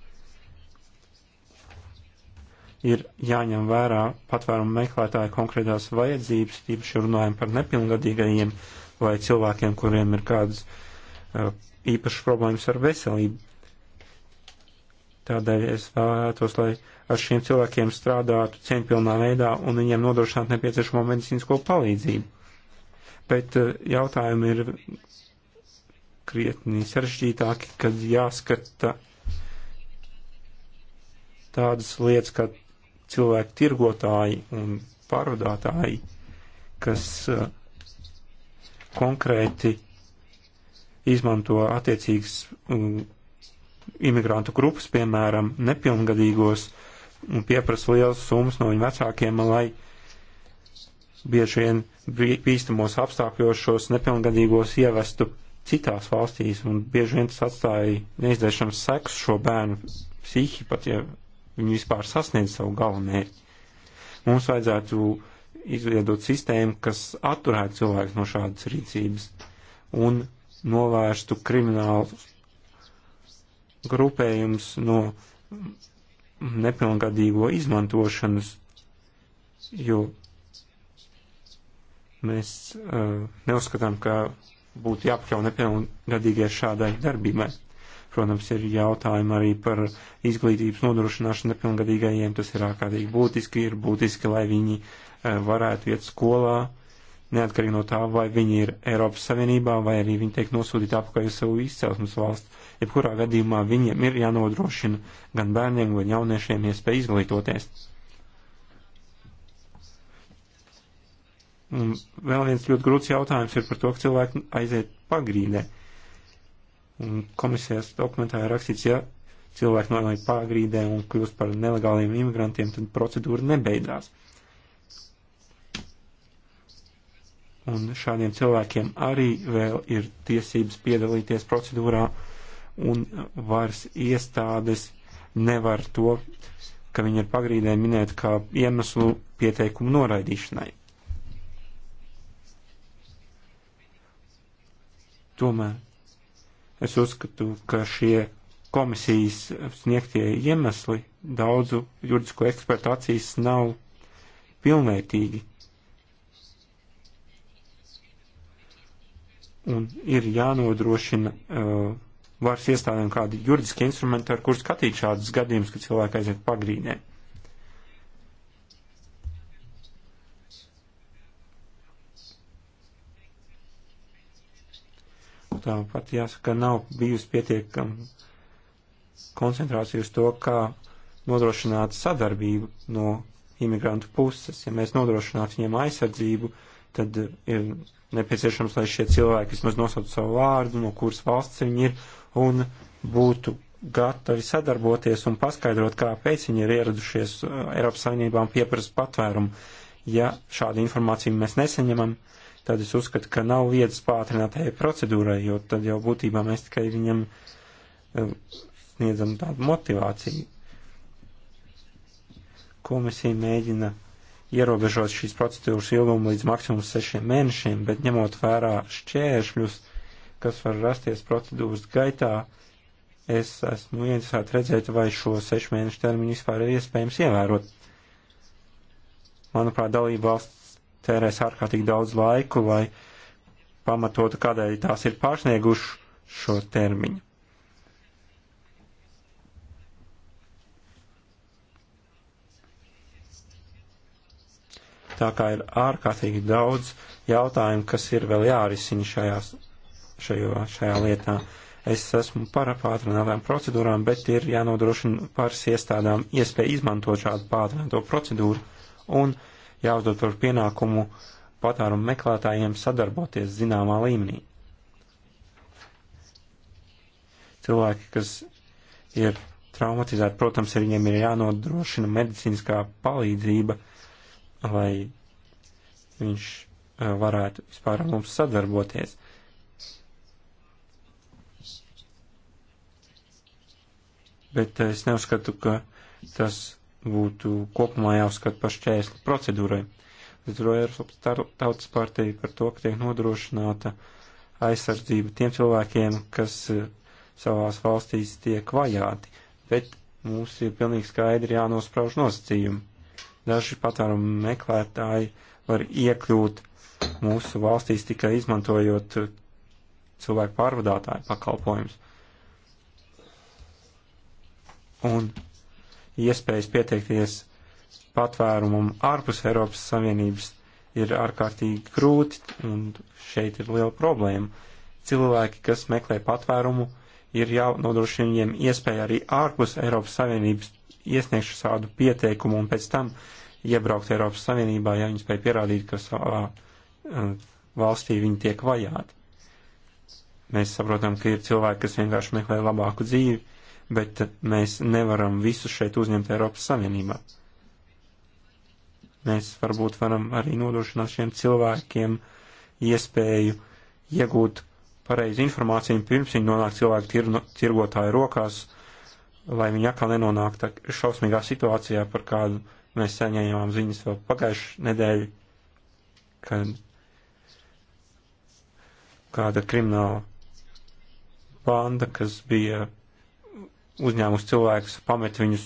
ir jāņem vērā patvērumu meklētāju konkrētās vajadzības, tīpaši runājam par nepilngadīgajiem vai cilvēkiem, kuriem ir kādas eh, īpašas problēmas ar veselību. Tādēļ es vēlētos, lai ar šiem cilvēkiem strādātu cieņpilnā veidā un viņiem nodrošinātu nepieciešamo medicīnisko palīdzību. Bet eh, jautājumi ir krietni sarežģītāki, kad jāskata tādas lietas kā cilvēku tirgotāji un pārvadātāji, kas eh, konkrēti izmanto attiecīgas mm, imigrantu grupas, piemēram, nepilngadīgos, un pieprasa lielas summas no viņu vecākiem, lai bieži vien bīstamos apstākļos šos nepilngadīgos ievestu citās valstīs, un bieži vien tas atstāja neizdzēšams seks šo bērnu psihi, pat ja viņi vispār sasniedz savu galamērķi. Mums vajadzētu izveidot sistēmu, kas atturētu cilvēkus no šādas rīcības un novērstu kriminālu grupējums no nepilngadīgo izmantošanas, jo mēs uh, neuzskatām, ka būtu jāpakļau nepilngadīgie šādai darbībai. Protams, ir jautājumi arī par izglītības nodrošināšanu nepilngadīgajiem. Tas ir ārkārtīgi būtiski. Ir būtiski, lai viņi eh, varētu iet skolā, neatkarīgi no tā, vai viņi ir Eiropas Savienībā, vai arī viņi tiek nosūtīti apakaļ uz savu izcelsmes valstu. Jebkurā gadījumā viņiem ir jānodrošina gan bērniem, gan jauniešiem iespēja izglītoties. Un vēl viens ļoti grūts jautājums ir par to, ka cilvēki aiziet pagrīdē. Uh, Un komisijas dokumentā ir rakstīts, ja cilvēki nonāk pārgrīdē un kļūst par nelegāliem imigrantiem, tad procedūra nebeidzās. Un šādiem cilvēkiem arī vēl ir tiesības piedalīties procedūrā, un varas iestādes nevar to, ka viņi ir pagrīdē minēt kā iemeslu pieteikumu noraidīšanai. Tomēr Es uzskatu, ka šie komisijas sniegtie iemesli daudzu juridisko ekspertu acīs nav pilnvērtīgi. Un ir jānodrošina uh, varas iestādēm kādi juridiski instrumenti, ar kur skatīt šādus gadījumus, kad cilvēki aiziet pagrīnē. Uh, Tāpat jāsaka, nav bijusi pietiekama koncentrācija uz to, kā nodrošināt sadarbību no imigrantu puses. Ja mēs nodrošinātu viņiem aizsardzību, tad ir nepieciešams, lai šie cilvēki vismaz nosauc savu vārdu, no kuras valsts viņi ir, un būtu gatavi sadarboties un paskaidrot, kāpēc viņi ir ieradušies uh, Eiropas Savienībām pieprasa patvērumu. Ja šādu informāciju mēs neseņemam, uh, tad es uzskatu, ka nav vietas pātrinātajai procedūrai, jo tad jau būtībā mēs tikai viņam eh, sniedzam tādu motivāciju. Komisija mēģina ierobežot šīs procedūras ilgumu līdz maksimums sešiem mēnešiem, bet ņemot vērā šķēršļus, kas var rasties procedūras gaitā, es esmu interesēts redzēt, vai šo sešu mēnešu termiņu vispār ir iespējams ievērot. Manuprāt, dalība valsts tērēs ārkārtīgi daudz laiku, lai pamatotu, kādēļ tās ir pārsnieguši šo termiņu. Tā kā ir ārkārtīgi daudz jautājumu, kas ir vēl jārisina šajās, šajo, šajā lietā. Es esmu par pātrinātām procedūrām, bet ir jānodrošina pāris iestādām iespēja izmantot šādu pātrināto procedūru un uh, jāuzdod par pienākumu patērumu meklētājiem sadarboties zināmā līmenī. Cilvēki, kas ir traumatizēti, protams, ir viņiem ir jānodrošina medicīniskā palīdzība, lai viņš eh, varētu vispār ar mums sadarboties. Bet eh, es neuzskatu, ka tas būtu kopumā jāuzskata par šķēsli procedūrai. Līdz ar to Eiropas tautas partija par to, ka tiek nodrošināta aizsardzība tiem cilvēkiem, kas eh, savās valstīs tiek vajāti, bet mums ir pilnīgi skaidri jānosprauž nosacījumi. Daži patvērumu meklētāji var iekļūt mūsu valstīs tikai izmantojot eh, cilvēku pārvadātāju pakalpojumus. Un iespējas pieteikties patvērumam ārpus Eiropas Savienības ir ārkārtīgi grūti, un šeit ir liela problēma. Cilvēki, kas meklē patvērumu, ir jānodrošina viņiem iespēja arī ārpus Eiropas Savienības iesniegšu šādu pieteikumu un pēc tam iebraukt Eiropas Savienībā, ja viņi spēj pierādīt, ka savā eh, valstī viņi tiek vajāti. Mēs saprotam, ka ir cilvēki, kas vienkārši meklē labāku dzīvi, bet mēs nevaram visus šeit uzņemt Eiropas Savienībā. Mēs varbūt varam arī nodrošināt šiem cilvēkiem iespēju iegūt pareizi informāciju pirms viņi nonāk cilvēku tirgotāju rokās, lai viņi atkal nenonāktu šausmīgā situācijā, par kādu mēs saņēmām ziņas vēl pagājušajā nedēļā, kad kāda krimināla banda, kas bija uzņēmus cilvēkus, pamet viņus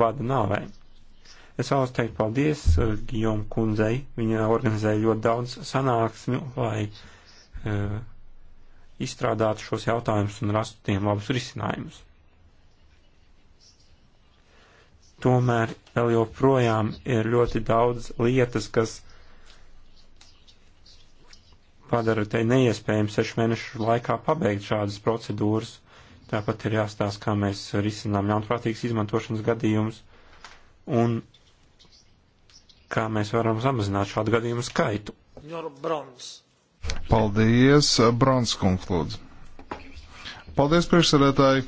bada nāvē. Es vēlos teikt paldies eh, Gijom kundzei. Viņa organizēja ļoti daudz sanāksmi, lai uh, izstrādātu šos jautājumus un rastu tiem labus risinājumus. Tomēr vēl joprojām ir ļoti daudz lietas, kas padara te neiespējami sešu mēnešu laikā pabeigt šādas procedūras Tāpat ir jāstāsta, kā mēs risinām ļaunprātīgas izmantošanas gadījumus un kā mēs varam samazināt šādu gadījumu skaitu. Paldies, Brons kungs, lūdzu. Paldies, priekšsēdētāji.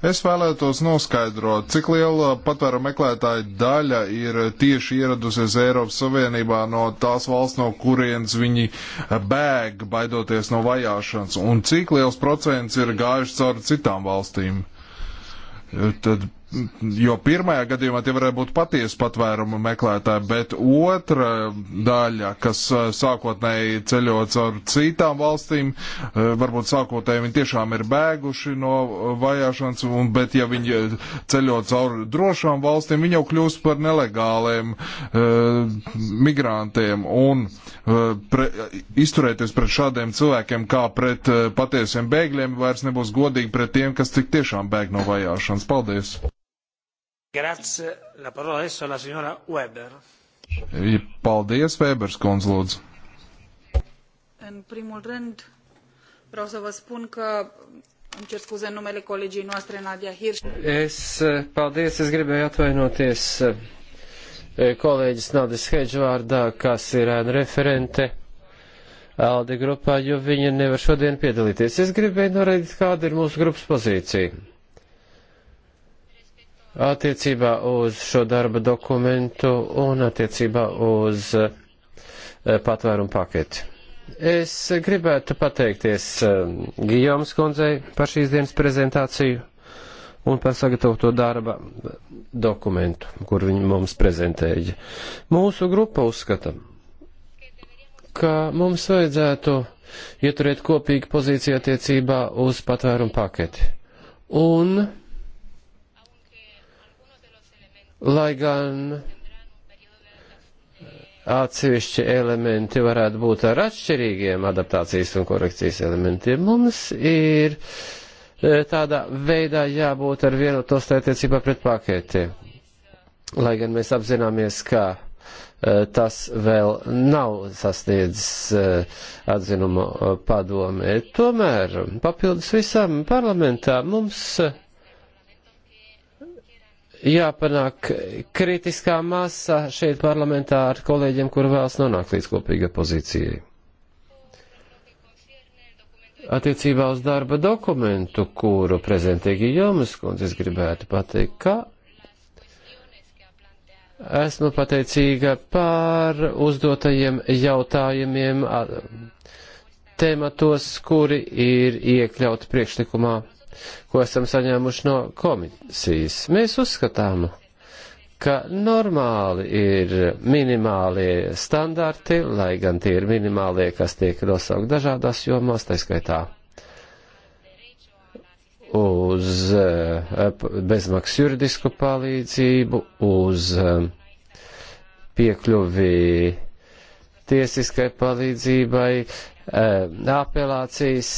Es vēlētos noskaidrot, cik liela patvēru meklētāju daļa ir tieši ieradusies Eiropas Savienībā no tās valsts, no kurienes viņi bēg, baidoties no vajāšanas, un cik liels procents ir gājuši cauri citām valstīm. Tad Jo pirmajā gadījumā tie varētu būt patiesi patvērumu meklētāji, bet otra daļa, kas eh, sākotnēji ceļot caur citām valstīm, eh, varbūt sākotnēji viņi tiešām ir bēguši no eh, vajāšanas, un, bet ja viņi ceļot caur drošām valstīm, viņi jau kļūst par nelegāliem uh, migrantiem. Un uh, pre, izturēties pret šādiem cilvēkiem kā pret uh, patiesiem bēgļiem vairs nebūs godīgi pret tiem, kas tik tiešām bēg no vajāšanas. Paldies! Grazie. La parola adesso alla signora Weber. Paldies, Webers kundz, lūdzu. În primul rând, vreau să vă spun că Îmi cer scuze în numele colegii noastre, Nadia Hirš. Es, paldies, es gribēju atvainoties e, kolēģis Nadis Hedžu vārdā, kas ir ēna referente Alde grupā, jo viņa nevar šodien piedalīties. Es gribēju norādīt, kāda ir mūsu grupas pozīcija attiecībā uz šo darba dokumentu un attiecībā uz eh, patvērumu paketi. Es gribētu pateikties eh, Gijomas kundzei par šīs dienas prezentāciju un par sagatavoto darba dokumentu, kur viņi mums prezentēja. Mūsu grupa uzskata, ka mums vajadzētu ieturēt kopīgu pozīciju attiecībā uz patvērumu paketi. Un lai gan atsevišķi elementi varētu būt ar atšķirīgiem adaptācijas un korekcijas elementiem. Mums ir e, tādā veidā jābūt ar vienu to stātiecībā pret pakēti. Lai gan mēs apzināmies, ka e, tas vēl nav sasniedzis e, atzinumu padomē. Tomēr papildus visam parlamentā mums jāpanāk kritiskā masa šeit parlamentā ar kolēģiem, kur vēlas nonākt līdz kopīga pozīcijai. Attiecībā uz darba dokumentu, kuru prezentē Gijomas kundze, es gribētu pateikt, ka esmu pateicīga par uzdotajiem jautājumiem tematos, kuri ir iekļauti priekšlikumā ko esam saņēmuši no komisijas. Mēs uzskatām, ka normāli ir minimālie standarti, lai gan tie ir minimālie, kas tiek nosaukt dažādās jomās, tā skaitā uz eh, bezmaksas juridisku palīdzību, uz eh, piekļuvi tiesiskai palīdzībai, eh, apelācijas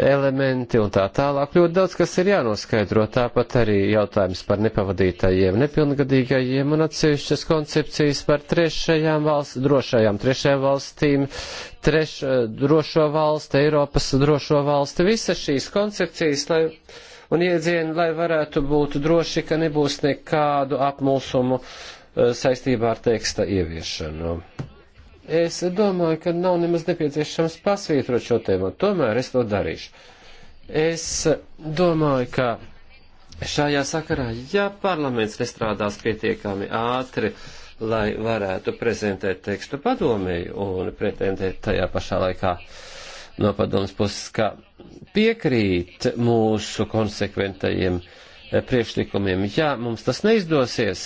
elementi un tā tālāk. Ļoti daudz, kas ir jānoskaidro, tāpat arī jautājums par nepavadītajiem, nepilngadīgajiem un atsevišķas koncepcijas par trešajām valsts, drošajām trešajām valstīm, treš, drošo valsti, Eiropas drošo valsti, visas šīs koncepcijas, lai, un iedzieni, lai varētu būt droši, ka nebūs nekādu apmulsumu eh, saistībā ar teksta ieviešanu. Es domāju, ka nav nemaz nepieciešams pasvītrot šo tēmu, tomēr es to darīšu. Es domāju, ka šajā sakarā, ja parlaments nestrādās pietiekami ātri, lai varētu prezentēt tekstu padomēju un pretendēt tajā pašā laikā no padomas puses, ka piekrīt mūsu konsekventajiem priekšlikumiem, ja mums tas neizdosies,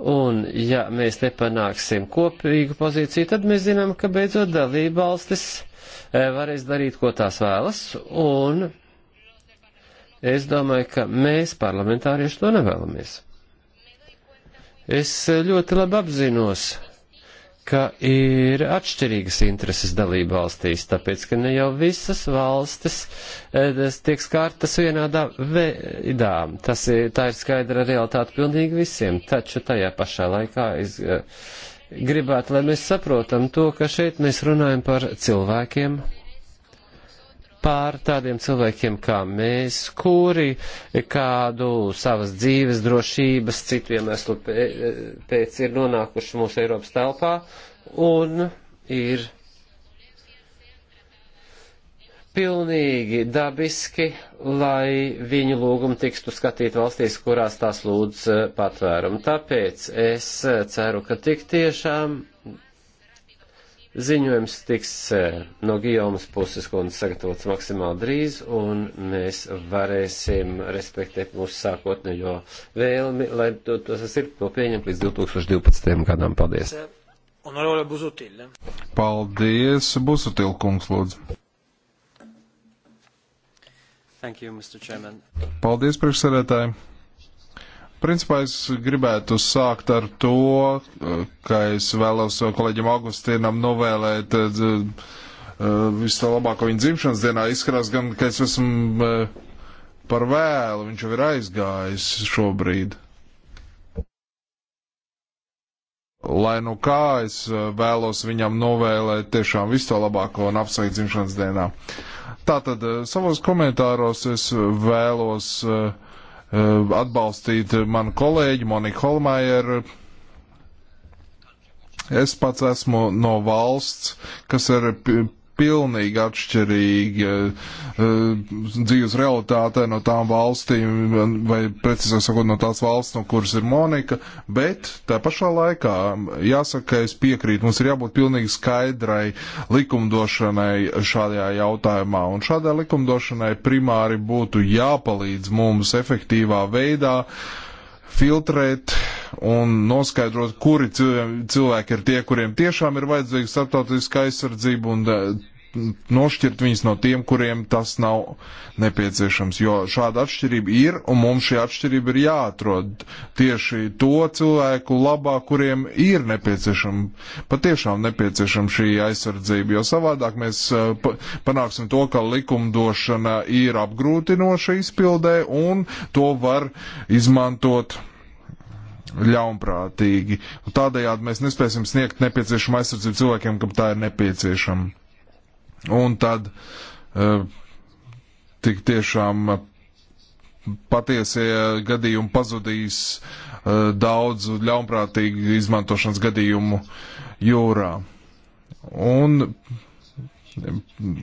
Un, ja mēs nepanāksim kopīgu pozīciju, tad mēs zinām, ka beidzot dalība valstis e, varēs darīt, ko tās vēlas, un es domāju, ka mēs, parlamentārieši, to nevēlamies. Es ļoti labi apzinos ka ir atšķirīgas intereses dalība valstīs, tāpēc, ka ne jau visas valstis eh, tiek skārtas vienādā veidā. Tas ir, tā ir skaidra realitāte pilnīgi visiem, taču tajā pašā laikā es eh, gribētu, lai mēs saprotam to, ka šeit mēs runājam par cilvēkiem, pār tādiem cilvēkiem kā mēs, kuri kādu savas dzīves drošības citu iemeslu pēc ir nonākuši mūsu Eiropas telpā un ir pilnīgi dabiski, lai viņu lūgumu tikstu skatīt valstīs, kurās tās lūdz eh, patvērumu. Tāpēc es eh, ceru, ka tik tiešām Ziņojums tiks e, no Gijomas puses kundzes sagatavots maksimāli drīz, un mēs varēsim respektēt mūsu sākotnējo vēlmi, lai to, to sasirkt to pieņemt līdz 2012. gadam. Paldies! Paldies, Busutil kungs, lūdzu! Thank you, Mr. Chairman. Paldies, priekšsēdētāji! Principā es gribētu sākt ar to, ka es vēlos kolēģim Augustīnam novēlēt eh, eh, visu to labāko viņa dzimšanas dienā. Izskatās gan, ka es esmu eh, par vēlu, viņš jau ir aizgājis šobrīd. Lai nu kā es vēlos viņam novēlēt tiešām visu to labāko un apsveikt dzimšanas dienā. Tātad savos komentāros es vēlos uh, Eh, atbalstīt manu kolēģi Moniku Holmajeru. Es pats esmu no valsts, kas ir pilnīgi atšķirīga eh, eh, dzīves realitāte no tām valstīm, vai precīzāk sakot, no tās valsts, no kuras ir Monika, bet tā pašā laikā jāsaka, ka es piekrītu, mums ir jābūt pilnīgi skaidrai likumdošanai šādajā jautājumā, un šādai likumdošanai primāri būtu jāpalīdz mums efektīvā veidā uh, filtrēt un noskaidrot, kuri cilvēki ir tie, kuriem tiešām ir vajadzīga starptautiska aizsardzība un eh, nošķirt viņus no tiem, kuriem tas nav nepieciešams. Jo šāda atšķirība ir, un mums šī atšķirība ir jāatrod tieši to cilvēku labā, kuriem ir nepieciešama, patiešām nepieciešama šī aizsardzība. Jo savādāk mēs eh, panāksim to, ka likumdošana ir apgrūtinoša izpildē, un to var izmantot ļaunprātīgi. Tādējādi mēs nespēsim sniegt nepieciešamu aizsardzību cilvēkiem, kam tā ir nepieciešama. Un tad e, tik tiešām patiesie gadījumi pazudīs e, daudz ļaunprātīgu izmantošanas gadījumu jūrā. Un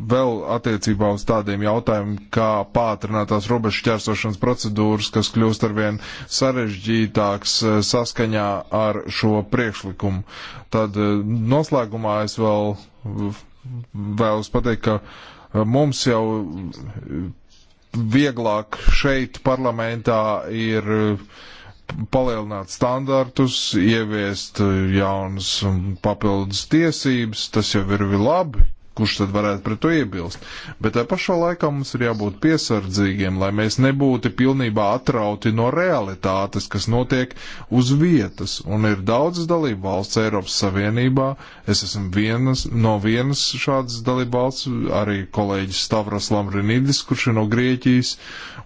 vēl attiecībā uz tādiem jautājumiem, kā pātrinātās robežu ķērsošanas procedūras, kas kļūst arvien sarežģītāks e, saskaņā ar šo priekšlikumu. Tad noslēgumā es vēl vēlos pateikt, ka uh, mums jau uh, vieglāk šeit parlamentā ir uh, palielināt standartus, ieviest jaunas um, papildus tiesības, tas jau ir labi kurš tad varētu pret to iebilst. Bet tajā pašā laikā mums ir jābūt piesardzīgiem, lai mēs nebūtu pilnībā atrauti no realitātes, kas notiek uz vietas. Un ir daudzas dalību valsts Eiropas Savienībā. Es esmu vienas, no vienas šādas dalību valsts, arī kolēģis Stavras Lamrinidis, kurš ir no Grieķijas,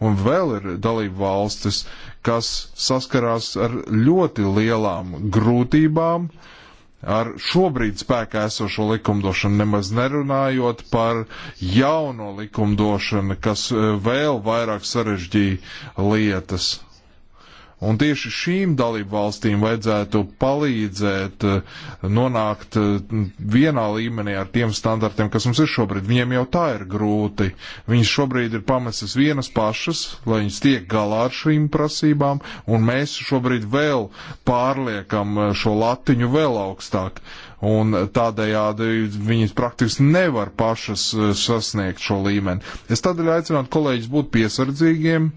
un vēl ir dalību valstis, kas saskarās ar ļoti lielām grūtībām, uh, ar šobrīd spēkā esošo likumdošanu, nemaz nerunājot par jauno likumdošanu, kas eh, vēl vairāk sarežģīja lietas. Un tieši šīm dalību valstīm vajadzētu palīdzēt eh, nonākt eh, vienā līmenī ar tiem standartiem, kas mums ir šobrīd. Viņiem jau tā ir grūti. Viņas šobrīd ir pamestas vienas pašas, lai viņas tiek galā ar šīm prasībām, un mēs šobrīd vēl pārliekam eh, šo latiņu vēl augstāk. Un tādējādi viņas praktiski nevar pašas sasniegt šo līmeni. Es tādēļ aicinātu kolēģis būt piesardzīgiem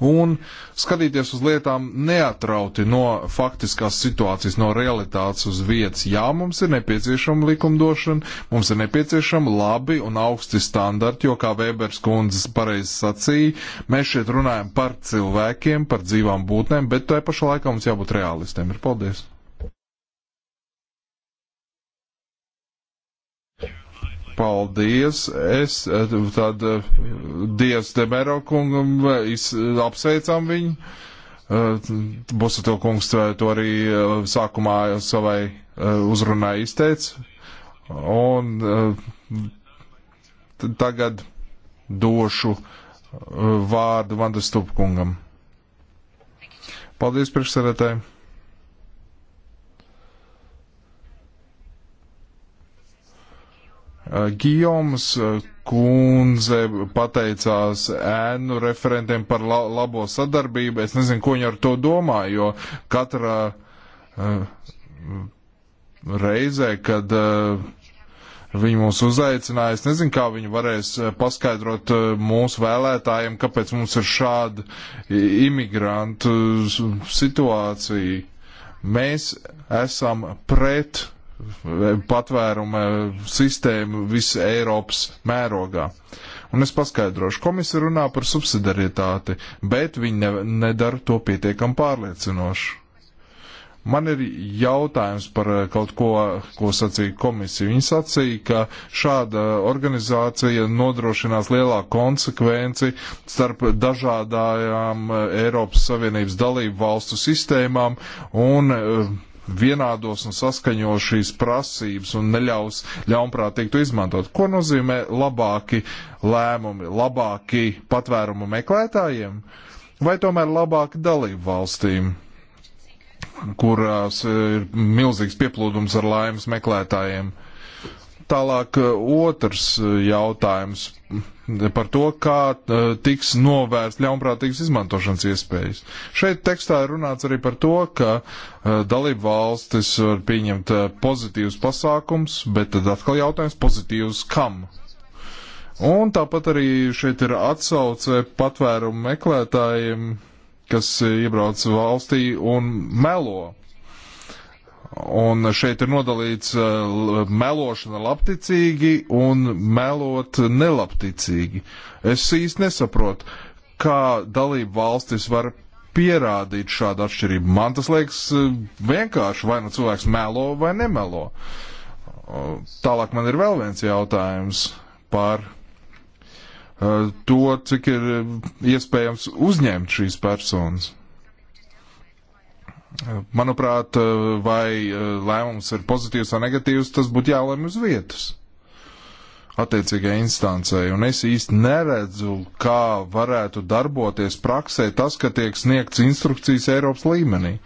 un skatīties uz lietām neatrauti no faktiskās situācijas, no realitātes uz vietas. Jā, mums ir nepieciešama likumdošana, mums ir nepieciešama labi un augsti standarti, jo, kā Vēbers kundzes pareizi sacīja, mēs šeit runājam par cilvēkiem, par dzīvām būtnēm, bet tajā pašā laikā mums jābūt realistiem. Ir paldies! paldies. Es eh, tad eh, Dievs Demero kungam apsveicam viņu. Eh, Busato kungs to arī sākumā savai uzrunā izteica. Un tagad došu vārdu Vandastupkungam. Paldies priekšsēdētāji! Eh, Gijoms eh, kundze pateicās ēnu referentiem par la labo sadarbību. Es nezinu, ko viņi ar to domā, jo katra uh, eh, reizē, kad uh, viņi mūs uzaicināja, es nezinu, kā viņi varēs paskaidrot mūsu vēlētājiem, kāpēc mums ir šāda imigrantu situācija. Mēs esam pret patvēruma sistēmu visu Eiropas mērogā. Un es paskaidrošu, komisija runā par subsidiarietāti, bet viņi ne, nedara to pietiekam pārliecinoši. Man ir jautājums par kaut ko, ko sacīja komisija. Viņa sacīja, ka šāda organizācija nodrošinās lielāku konsekvenci starp dažādām Eiropas Savienības dalību valstu sistēmām un eh, vienādos un saskaņo šīs prasības un neļaus ļaunprātīgi to izmantot. Ko nozīmē labāki lēmumi, labāki patvērumu meklētājiem vai tomēr labāki dalību valstīm? kurās ir milzīgs pieplūdums ar laimes meklētājiem. Uh, Tālāk eh, otrs eh, jautājums par to, kā eh, tiks novērst ļaunprātīgas izmantošanas iespējas. Šeit tekstā ir runāts arī par to, ka dalību valstis var pieņemt pozitīvus pasākums, bet tad atkal jautājums pozitīvs kam? Un tāpat arī šeit ir atsauce patvērumu meklētājiem, kas iebrauc valstī un melo Un šeit ir nodalīts eh, melošana labticīgi un melot nelabticīgi. Es īsti nesaprotu, kā dalība valstis var pierādīt šādu atšķirību. Man tas liekas eh, vienkārši, vai nu cilvēks melo vai nemelo. Tālāk man ir vēl viens jautājums par eh, to, cik ir iespējams uzņemt šīs personas. Manuprāt, eh, vai eh, lēmums ir pozitīvs vai negatīvs, tas būtu jālēm uz vietas attiecīgajai instancei. Un es īsti neredzu, kā varētu darboties praksē tas, ka tiek sniegts instrukcijas Eiropas līmenī.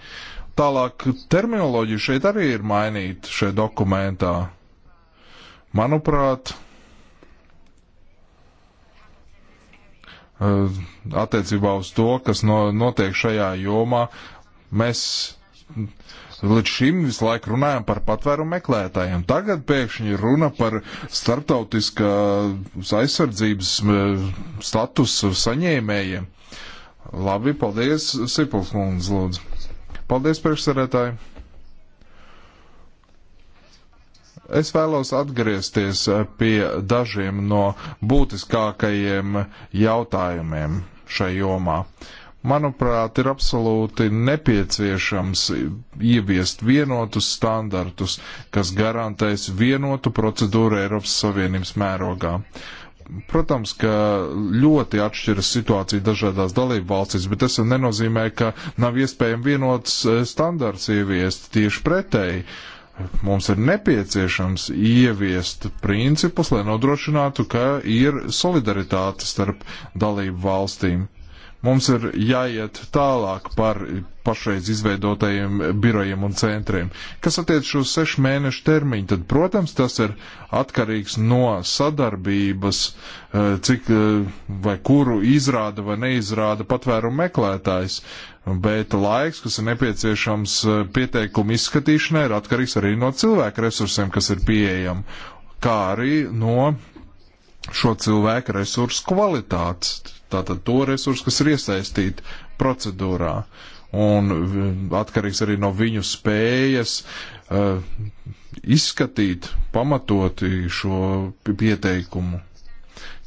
Tālāk terminoloģija šeit arī ir mainīta šajā dokumentā. Manuprāt, eh, attiecībā uz to, kas no, notiek šajā jomā, Mēs līdz šim visu laiku runājam par patvērumu meklētājiem. Tagad pēkšņi runa par starptautiskās aizsardzības statusu saņēmējiem. Labi, paldies, Sipils Lundz, lūdzu. Paldies, priekšsarētāji. Es vēlos atgriezties e, pie dažiem no būtiskākajiem jautājumiem šai jomā. Uh, manuprāt, ir absolūti nepieciešams ieviest vienotus standartus, kas garantēs vienotu procedūru Eiropas Savienības mērogā. Protams, ka ļoti atšķiras situācija dažādās dalību valstīs, bet tas nenozīmē, ka nav iespējams vienots e, standarts ieviest tieši pretēji. Mums ir nepieciešams ieviest principus, lai nodrošinātu, ka ir solidaritāte starp dalību valstīm Mums ir jāiet tālāk par pašreiz izveidotajiem birojiem un centriem. Kas attiec šo sešu mēnešu termiņu, tad, protams, tas ir atkarīgs no sadarbības, eh, cik eh, vai kuru izrāda vai neizrāda patvērumu meklētājs. Bet laiks, kas ir nepieciešams eh, pieteikumu izskatīšanai, ir atkarīgs arī no cilvēku resursiem, kas ir pieejami, kā arī no šo cilvēku resursu kvalitātes tātad to resursu, kas ir iesaistīti procedūrā. Un atkarīgs arī no viņu spējas uh, izskatīt pamatoti šo pieteikumu.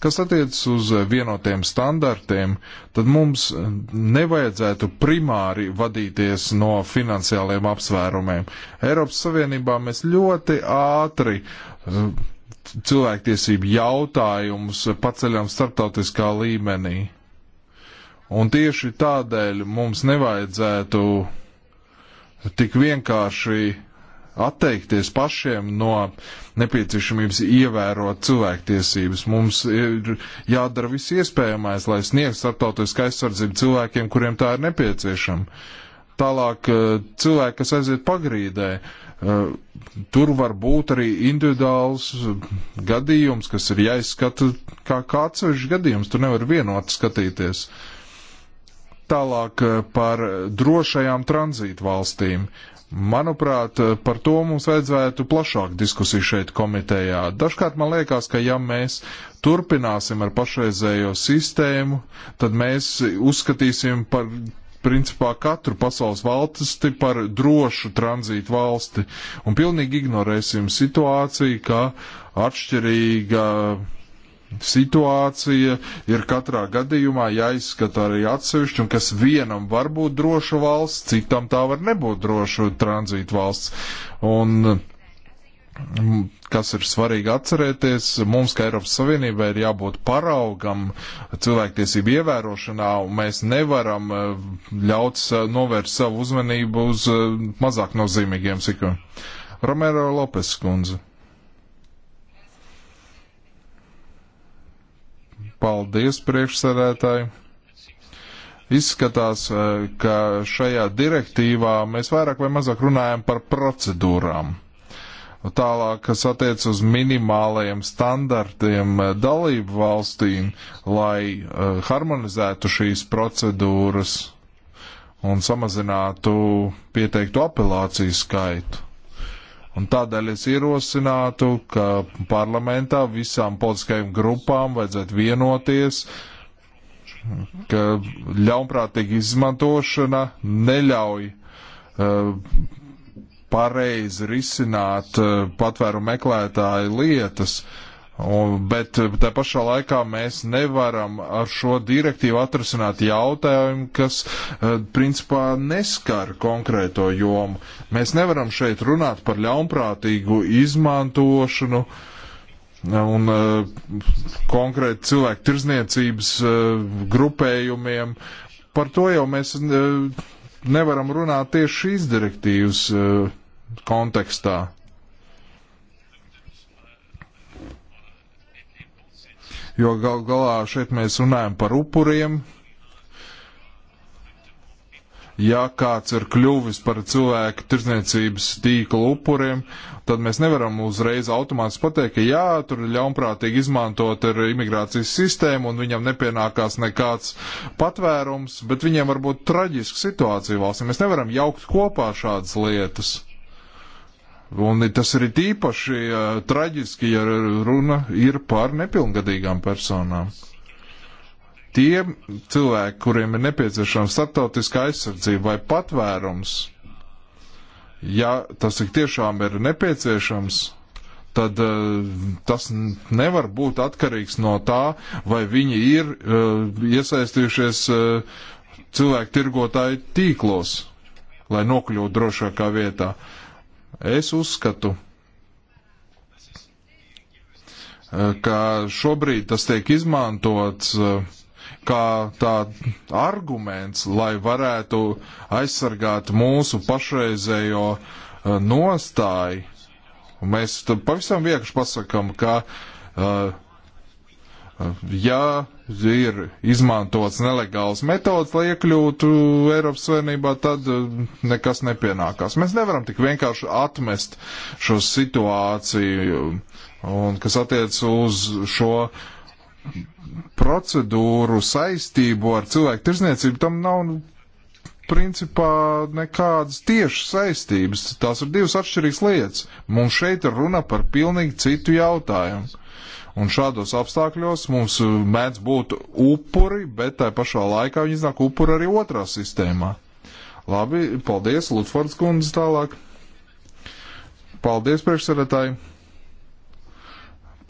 Kas attiecas uz vienotiem standartiem, tad mums nevajadzētu primāri vadīties no finansiāliem apsvērumiem. Eiropas Savienībā mēs ļoti ātri uh, cilvēktiesību jautājumus paceļam starptautiskā līmenī. Un tieši tādēļ mums nevajadzētu tik vienkārši atteikties pašiem no nepieciešamības ievērot cilvēktiesības. Mums ir jādara viss iespējamais, lai sniegtu starptautisku aizsardzību cilvēkiem, kuriem tā ir nepieciešama. Tālāk eh, cilvēki, kas aiziet pagrīdē, uh, Eh, tur var būt arī individuāls eh, gadījums, kas ir jāizskata kā, kā atsevišķs gadījums. Tur nevar vienot skatīties. Tālāk eh, par drošajām tranzītu valstīm. Manuprāt, par to mums vajadzētu plašāk diskusiju šeit komitejā. Dažkārt man liekas, ka ja mēs turpināsim ar pašreizējo sistēmu, tad mēs uzskatīsim par principā katru pasaules valsti par drošu tranzītu valsti un pilnīgi ignorēsim situāciju, ka atšķirīga situācija ir katrā gadījumā jāizskata arī atsevišķi, un kas vienam var būt droša valsts, citam tā var nebūt droša tranzīta valsts. Un kas ir svarīgi atcerēties, mums, kā Eiropas Savienībai, ir jābūt paraugam cilvēktiesību ievērošanā, un mēs nevaram eh, ļaut novērst savu uzmanību uz eh, mazāk nozīmīgiem sikumiem. Romero Lopes kundze. Paldies, priekšsēdētāji! Izskatās, eh, ka šajā direktīvā mēs vairāk vai mazāk runājam par procedūrām Tālāk, kas attiec uz minimālajiem standartiem eh, dalību valstīm, lai uh, harmonizētu šīs procedūras un samazinātu pieteiktu apelāciju skaitu. Un tādēļ es ierosinātu, ka parlamentā visām politiskajām grupām vajadzētu vienoties, ka ļaunprātīga izmantošana neļauj uh, pareizi risināt eh, patvēru meklētāju lietas. Un, bet eh, tā pašā laikā mēs nevaram ar šo direktīvu atrasināt jautājumu, kas eh, principā neskar konkrēto jomu. Mēs nevaram šeit runāt par ļaunprātīgu izmantošanu un konkrēti cilvēku tirzniecības grupējumiem. Par to jau mēs nevaram runāt tieši šīs direktīvas kontekstā. Jo gal galā šeit mēs runājam par upuriem. Ja kāds ir kļuvis par cilvēku tirdzniecības tīkla upuriem, tad mēs nevaram uzreiz automātiski pateikt, ka jā, tur ļaunprātīgi izmantot ir imigrācijas sistēma un viņam nepienākās nekāds patvērums, bet viņiem var būt traģiska situācija valstī. Mēs nevaram jaukt kopā šādas lietas. Un tas ir īpaši traģiski, ja runa ir par nepilngadīgām personām. Tie cilvēki, kuriem ir nepieciešama starptautiska aizsardzība vai patvērums, ja tas tik tiešām ir nepieciešams, tad uh, tas nevar būt atkarīgs no tā, vai viņi ir uh, iesaistījušies uh, cilvēku tirgotāju tīklos, lai nokļūtu drošākā vietā. Uh, Es uzskatu, eh, ka šobrīd tas tiek izmantots eh, kā tā arguments, lai varētu aizsargāt mūsu pašreizējo eh, nostāju. Mēs pavisam vienkārši pasakam, ka uh, ja ir izmantots nelegāls metods, lai iekļūtu Eiropas Savienībā, tad eh, nekas nepienākās. Mēs nevaram tik vienkārši atmest šo situāciju, un kas attiec uz šo procedūru saistību ar cilvēku tirzniecību, tam nav nu, principā nekādas tiešas saistības. Tās ir divas atšķirīgas lietas. Mums šeit ir runa par pilnīgi citu jautājumu. Un šādos apstākļos mums uh, mēdz būt upuri, bet tā pašā laikā viņi iznāk upuri arī otrā sistēmā. Labi, paldies, Lutfords kundze tālāk. Paldies, priekšsēdētāji.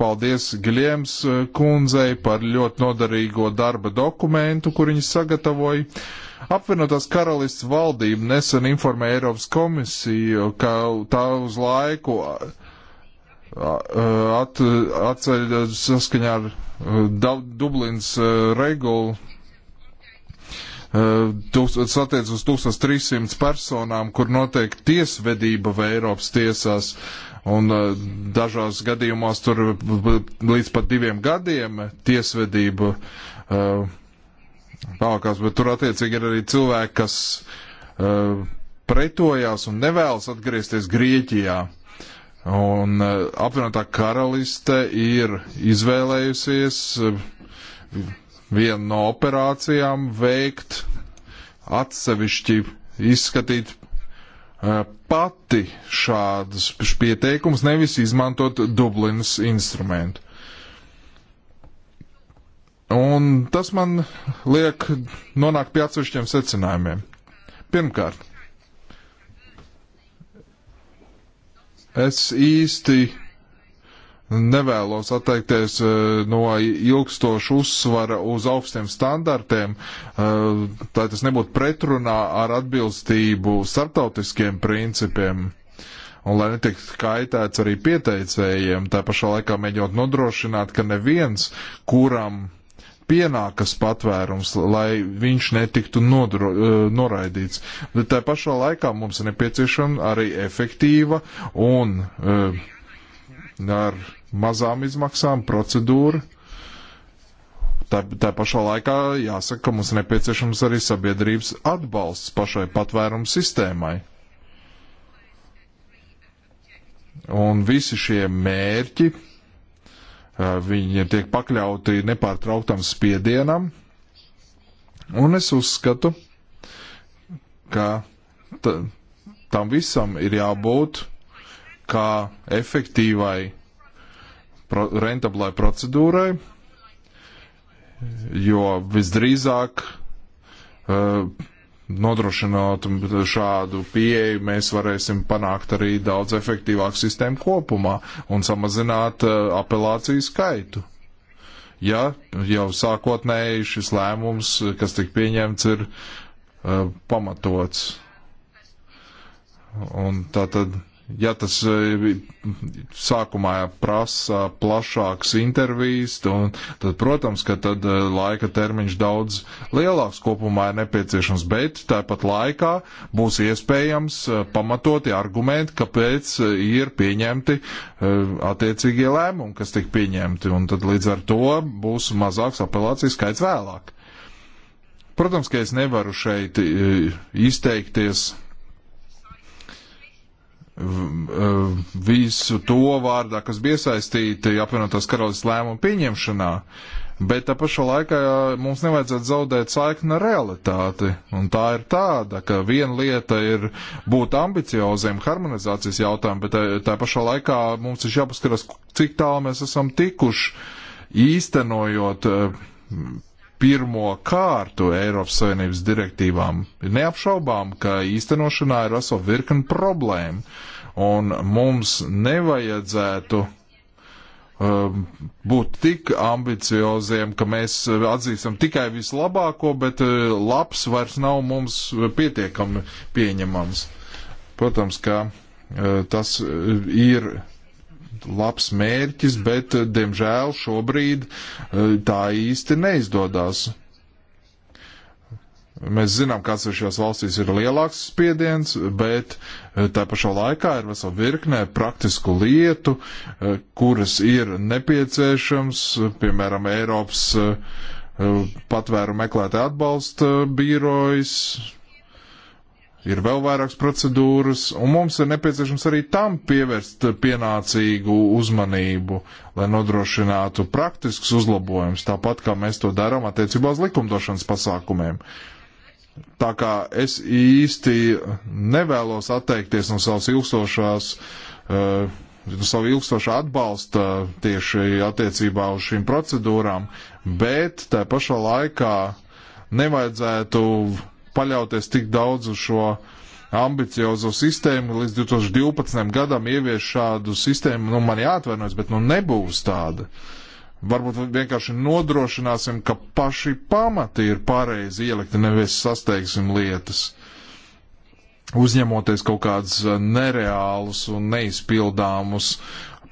Paldies Giljēms uh, kundzei par ļoti noderīgo darba dokumentu, kur viņa sagatavoja. Apvienotās karalists valdība nesen informēja Eiropas komisiju, ka tā uz laiku E, at, atceļ saskaņā ar e, Dublins e, regulu. Tas attiec uz 1300 personām, kur notiek tiesvedība vai Eiropas tiesās, un dažās gadījumos tur līdz pat diviem gadiem tiesvedība palkās, bet tur attiecīgi ir arī cilvēki, kas pretojās un nevēlas atgriezties Grieķijā. Un e, apvienotā karaliste ir izvēlējusies e, vienu no operācijām veikt atsevišķi izskatīt e, pati šādus pieteikumus, nevis izmantot Dublinas instrumentu. Un tas man liek nonākt pie atsevišķiem secinājumiem. Pirmkārt, Es īsti nevēlos atteikties eh, no ilgstošu uzsvara uz augstiem standartiem, eh, lai tas nebūtu pretrunā ar atbilstību starptautiskiem principiem. Un lai netiktu kaitēts arī pieteicējiem, tā pašā laikā mēģinot nodrošināt, ka neviens, kuram pienākas patvērums, lai viņš netiktu nodro, e, noraidīts. Bet tā pašā laikā mums ir nepieciešama arī efektīva un uh, ar mazām izmaksām procedūra. Tā, tā pašā laikā jāsaka, ka mums ir nepieciešams arī sabiedrības atbalsts pašai patvērumu sistēmai. Un visi šie mērķi Eh, viņiem tiek pakļauti nepārtrauktam spiedienam. Un es uzskatu, ka tam visam ir jābūt kā efektīvai, pro rentablai procedūrai, jo visdrīzāk uh, nodrošinot šādu pieeju, mēs varēsim panākt arī daudz efektīvāku sistēmu kopumā un samazināt uh, apelāciju skaitu. Ja jau sākotnēji šis lēmums, kas tika pieņemts, ir uh, pamatots. Un tā tad ja tas eh, sākumā prasa plašākas intervijas, tad, protams, ka tad eh, laika termiņš daudz lielāks kopumā ir nepieciešams, bet tāpat laikā būs iespējams eh, pamatoti argumenti, kāpēc ir pieņemti attiecīgie lēmumi, kas tik pieņemti, un tad līdz ar to būs mazāks apelācijas skaits vēlāk. Protams, ka es nevaru šeit izteikties visu to vārdā, kas bija iesaistīti apvienotās karalistas lēmumu pieņemšanā, bet tā pašā laikā mums nevajadzētu zaudēt saikni ar realitāti. Un tā ir tāda, ka viena lieta ir būt ambicioziem harmonizācijas jautājumu, bet tā, tā pašā laikā mums ir jāpaskaras, cik tālu mēs esam tikuši īstenojot eh, pirmo kārtu Eiropas Savienības direktīvām. Ir neapšaubām, ka īstenošanā ir vesela virkni problēma, un mums nevajadzētu um, būt tik ambicioziem, ka mēs atzīstam tikai vislabāko, bet uh, labs vairs nav mums pietiekami pieņemams. Protams, ka uh, tas uh, ir labs mērķis, bet, eh, diemžēl, šobrīd eh, tā īsti neizdodas. Mēs zinām, ka atsevišķās valstīs ir lielāks spiediens, bet eh, tā pašā laikā ir vesela virknē praktisku lietu, kuras ir nepieciešams, piemēram, Eiropas patvēru meklētāju atbalsta bīrojas, ir vēl vairākas procedūras, un mums ir nepieciešams arī tam pievērst pienācīgu uzmanību, lai nodrošinātu praktisks uzlabojums, tāpat kā mēs to darām attiecībā uz likumdošanas pasākumiem. Tā kā es īsti nevēlos atteikties no savas ilgstošās, eh, no savu ilgstošā atbalsta tieši attiecībā uz šīm procedūrām, bet tā pašā laikā nevajadzētu paļauties tik daudz uz šo ambiciozo sistēmu, līdz 2012. gadam ievies šādu sistēmu, nu man jāatvainojas, bet nu nebūs tāda. Varbūt vienkārši nodrošināsim, ka paši pamati ir pareizi ielikti, nevis sasteigsim lietas, uzņemoties kaut kādus nereālus un neizpildāmus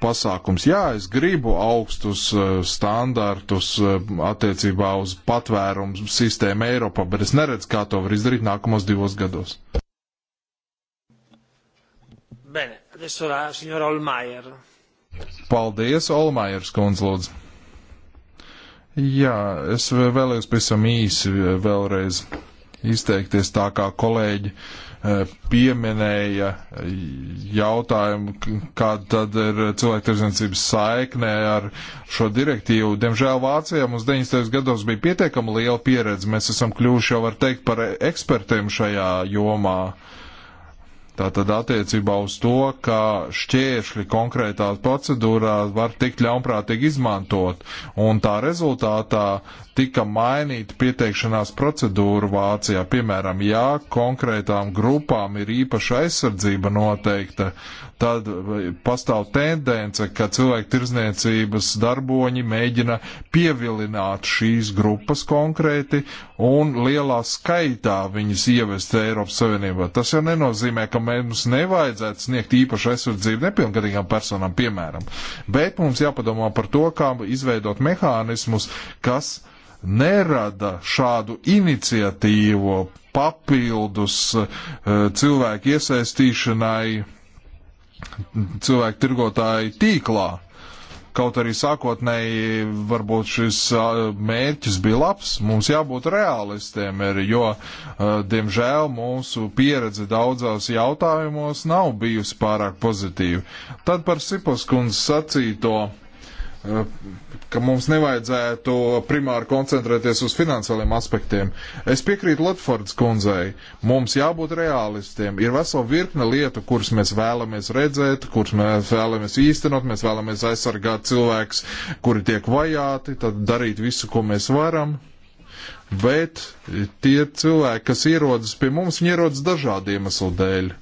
pasākums. Jā, es gribu augstus eh, standartus eh, attiecībā uz patvērumu sistēmu Eiropā, bet es neredzu, kā to var izdarīt nākamos divos gados. Bene, adesso la signora Olmaier. Paldies, Olmaiers kundze, lūdzu. Jā, es vēlējos pēc tam īsi eh, vēlreiz izteikties tā kā kolēģi. Uh, pieminēja jautājumu, kāda tad ir cilvēktirdzniecības saiknē ar šo direktīvu. Diemžēl Vācijā mums 90. gados bija pietiekama liela pieredze. Mēs esam kļuvuši jau, var teikt, par ekspertiem šajā jomā. Tātad attiecībā uz to, ka šķēršļi konkrētās procedūrās var tikt ļaunprātīgi izmantot, un tā rezultātā tika mainīta pieteikšanās procedūra Vācijā. Piemēram, ja konkrētām grupām ir īpaša aizsardzība noteikta, tad pastāv tendence, ka cilvēku tirzniecības darboņi mēģina pievilināt šīs grupas konkrēti un lielā skaitā viņas ievest Eiropas Savienībā. Tas jau nenozīmē, ka mums nevajadzētu sniegt īpašu aizsardzību nepilngadīgām personām, piemēram. Bet mums jāpadomā par to, kā izveidot mehānismus, kas nerada šādu iniciatīvu papildus eh, cilvēku iesaistīšanai cilvēku tirgotāju tīklā. Kaut arī sākotnēji varbūt šis eh, mērķis bija labs, mums jābūt realistiem, ir, jo, eh, diemžēl, mūsu pieredze daudzās jautājumos nav bijusi pārāk pozitīva. Tad par Sipos kundzes sacīto Eh, ka mums nevajadzētu primāri koncentrēties uz finansiāliem aspektiem. Es piekrītu Latvijas kundzei, mums jābūt realistiem. Ir vesela virkne lietu, kuras mēs vēlamies redzēt, kuras mēs vēlamies īstenot, mēs vēlamies aizsargāt cilvēkus, kuri tiek vajāti, tad darīt visu, ko mēs varam. Bet tie cilvēki, kas ierodas pie mums, viņi ierodas dažādu iemeslu dēļ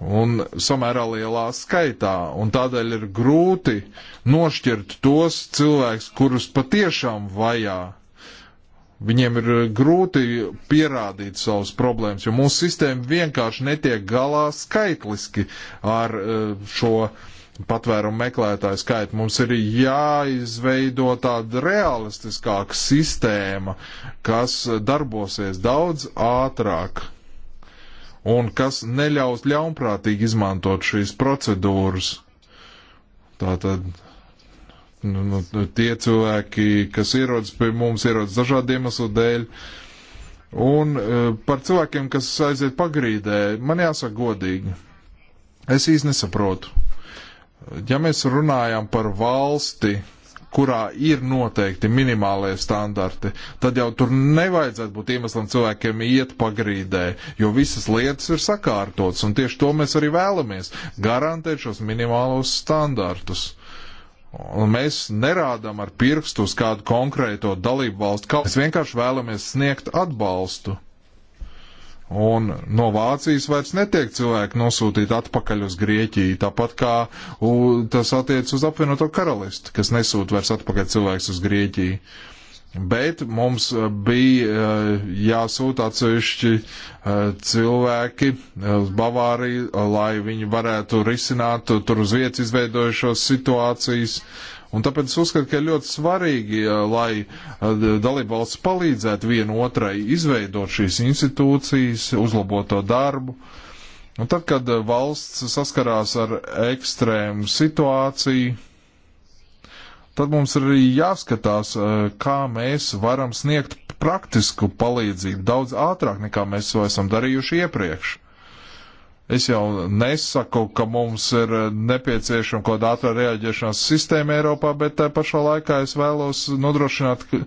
un samērā lielā skaitā, un tādēļ ir grūti nošķirt tos cilvēkus, kurus patiešām vajā. Viņiem ir grūti pierādīt savas problēmas, jo mūsu sistēma vienkārši netiek galā skaitliski ar eh, šo patvērumu meklētāju skaitu. Mums ir jāizveido tāda realistiskāka sistēma, kas darbosies daudz ātrāk un kas neļaus ļaunprātīgi izmantot šīs procedūras. Tātad nu, nu, nu tie cilvēki, kas ierodas pie mums, ierodas dažādiem iemeslu dēļ. Un e, par cilvēkiem, kas aiziet pagrīdē, man jāsaka godīgi, es īsti nesaprotu. Ja mēs runājam par valsti, kurā ir noteikti minimālie standarti, tad jau tur nevajadzētu būt iemeslam cilvēkiem iet pagrīdē, jo visas lietas ir sakārtotas, un tieši to mēs arī vēlamies - garantēt šos minimālos standartus. Un mēs nerādām ar pirkstu uz kādu konkrēto dalību valstu, kā mēs vienkārši vēlamies sniegt atbalstu. Un no Vācijas vairs netiek cilvēki nosūtīti atpakaļ uz Grieķiju, tāpat kā u, tas attiec uz apvienoto karalisti, kas nesūta vairs atpakaļ cilvēks uz Grieķiju. Bet mums uh, bija uh, jāsūta atsevišķi uh, cilvēki uz Bavāriju, lai viņi varētu risināt tur uz vietas izveidojušos situācijas. Uh, Un tāpēc es uzskatu, ka ļoti svarīgi, eh, lai eh, dalībvalsts palīdzētu vienotrai izveidot šīs institūcijas, uzlabot to darbu. Un tad, kad eh, valsts saskarās ar ekstrēmu situāciju, tad mums ir arī jāskatās, kā mēs varam sniegt praktisku palīdzību daudz ātrāk nekā mēs to esam darījuši iepriekš. Es jau nesaku, ka mums ir eh, nepieciešama kaut kāda ātrā reaģēšanās sistēma Eiropā, bet tā pašā laikā es vēlos nodrošināt eh,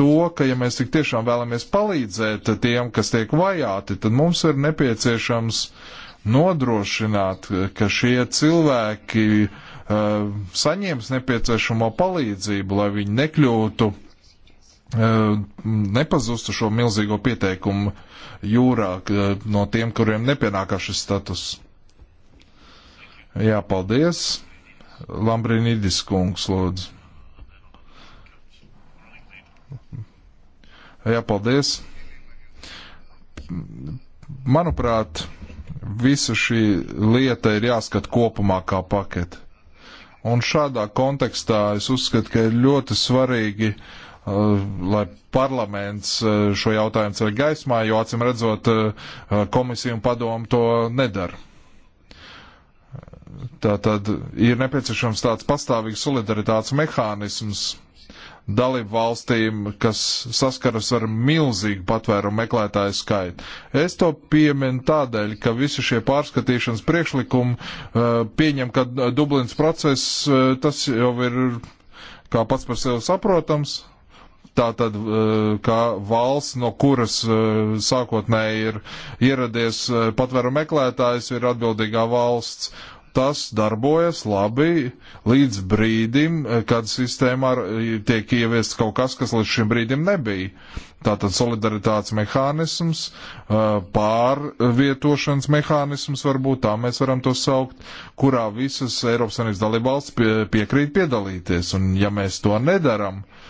to, ka ja mēs tik tiešām vēlamies palīdzēt tiem, kas tiek vajāti, tad mums ir nepieciešams nodrošināt, ka šie cilvēki uh, saņems nepieciešamo palīdzību, lai viņi nekļūtu uh, nepazustu šo milzīgo pieteikumu jūrā no tiem, kuriem nepienākā šis status. Jā, paldies. Lambrinidis kungs, lūdzu. Jā, paldies. Manuprāt, visa šī lieta ir jāskat kopumā kā pakete. Un šādā kontekstā es uzskatu, ka ir ļoti svarīgi uh, Eh, lai parlaments eh, šo jautājumu ceļ gaismā, jo acim redzot eh, komisiju un padomu to nedara. Tā tad ir nepieciešams tāds pastāvīgs solidaritātes mehānisms dalību valstīm, kas saskaras ar milzīgu patvērumu meklētāju skaitu. Es to pieminu tādēļ, ka visi šie pārskatīšanas priekšlikumi uh, pieņem, ka Dublins process uh, tas jau ir kā pats par sevi saprotams, Tātad, eh, kā valsts, no kuras eh, sākotnēji ir ieradies eh, patvēru meklētājs, ir atbildīgā valsts. Tas darbojas labi līdz brīdim, kad sistēmā tiek ieviests kaut kas, kas līdz šim brīdim nebija. Tātad solidaritātes mehānisms, pārvietošanas mehānisms, varbūt tā mēs varam to saukt, kurā visas Eiropas Savienības dalībvalsts pie, piekrīt piedalīties. Un ja mēs to nedaram, uh,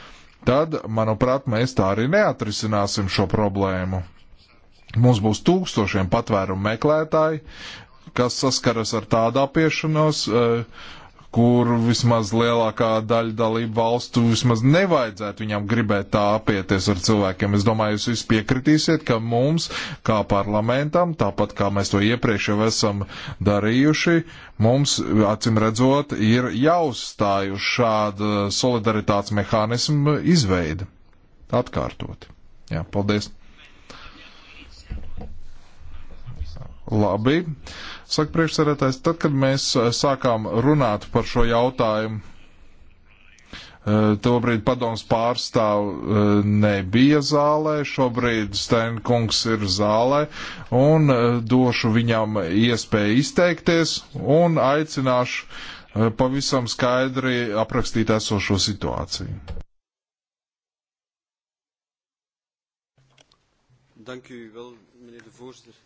tad, manuprāt, mēs tā arī neatrisināsim šo problēmu. Mums būs tūkstošiem patvērumu meklētāji, kas saskaras ar tādu apiešanos, uh, kur vismaz lielākā daļa dalību valstu vismaz nevajadzētu viņam gribēt tā apieties ar cilvēkiem. Es domāju, jūs visi piekritīsiet, ka mums, kā parlamentam, tāpat kā mēs to iepriekš jau esam darījuši, mums, acim redzot, ir jāuzstāj uz šādu solidaritātes mehānismu izveidi. Atkārtot. Jā, paldies. Labi. Saka priekšsarētājs, tad, kad mēs eh, sākām runāt par šo jautājumu, eh, tobrīd padoms pārstāv eh, nebija zālē, šobrīd Steinkungs ir zālē, un došu viņam iespēju izteikties un aicināšu pavisam skaidri aprakstīt esošo situāciju. Dank u wel, meneer de voorzitter.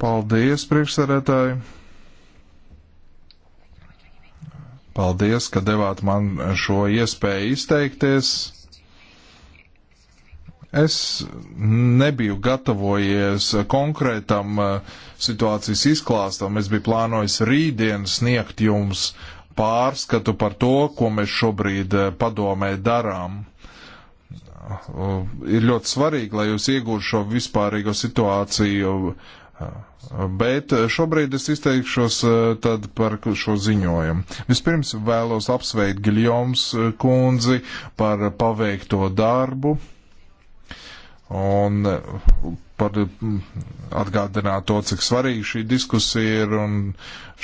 Paldies, priekšsarētāji! Paldies, ka devāt man šo iespēju izteikties. Es nebiju gatavojies konkrētam eh, situācijas izklāstam. Es biju plānojis rītdien sniegt jums pārskatu par to, ko mēs šobrīd eh, padomē darām ir ļoti svarīgi, lai jūs iegūtu šo vispārīgo situāciju, bet šobrīd es izteikšos eh, tad par šo ziņojumu. Vispirms vēlos apsveikt Giljoms eh, kundzi par paveikto darbu. Un eh, par mm, atgādināt to, cik svarīga šī diskusija ir un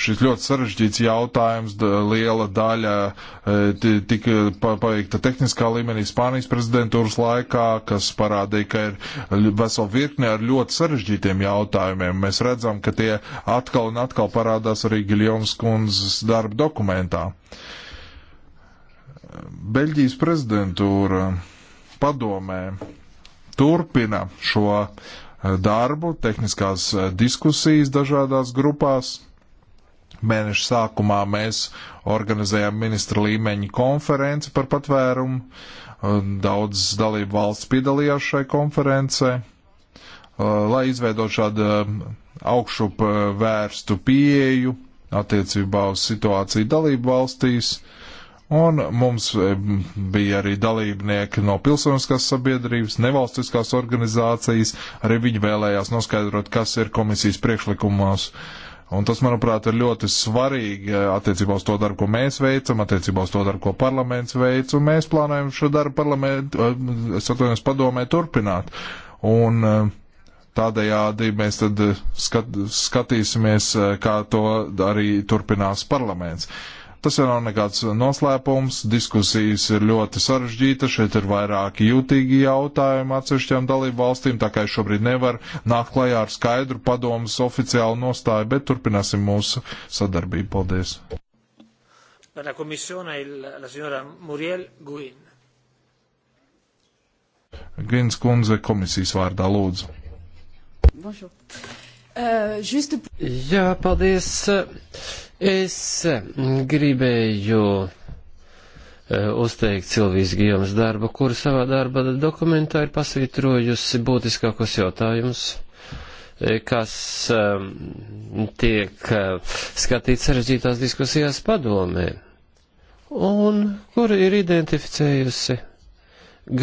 šis ļoti sarežģīts jautājums. Liela daļa e, tika paveikta tehniskā līmenī Spānijas prezidentūras laikā, kas parādīja, ka ir vesela virkne ar ļoti sarežģītiem jautājumiem. Mēs redzam, ka tie atkal un atkal parādās arī Giljons kundzes darba dokumentā. Beļģijas prezidentūra padomē turpina šo eh, darbu, tehniskās eh, diskusijas dažādās grupās. Mēneša sākumā mēs organizējām ministra līmeņa konferenci par patvērumu. Daudz dalību valsts piedalījās šai konferencē. Eh, lai izveidot šādu augšup vērstu pieeju attiecībā uz situāciju dalību valstīs, uh, Un mums e, bija arī dalībnieki no pilsoniskās sabiedrības, nevalstiskās organizācijas, arī viņi vēlējās noskaidrot, kas ir komisijas priekšlikumos. Un tas, manuprāt, ir ļoti svarīgi e, attiecībā uz to darbu, ko mēs veicam, attiecībā uz to darbu, ko parlaments veic, un mēs plānojam šo darbu parlamentu, e, es atvainojos padomē, turpināt. Un tādējādi mēs tad skat, skatīsimies, kā to arī turpinās parlaments. Uh, Tas jau nav nekāds noslēpums, diskusijas ir ļoti sarežģīta, šeit ir vairāki jūtīgi jautājumi atsevišķām dalību valstīm, tā kā es šobrīd nevaru nākt klajā ar skaidru padomus oficiālu nostāju, bet turpināsim mūsu sadarbību. Paldies! La commissione la signora Muriel Guin. Grins kundze komisijas vārdā lūdzu. Bonjour. Eh, Just... Jā, paldies. Es mm, gribēju eh, uzteikt Silvijas Gijomas darbu, kura savā darba dokumentā ir pasvītrojusi būtiskākos jautājumus, eh, kas tiek skatīts sarežģītās diskusijās padomē, un kura ir identificējusi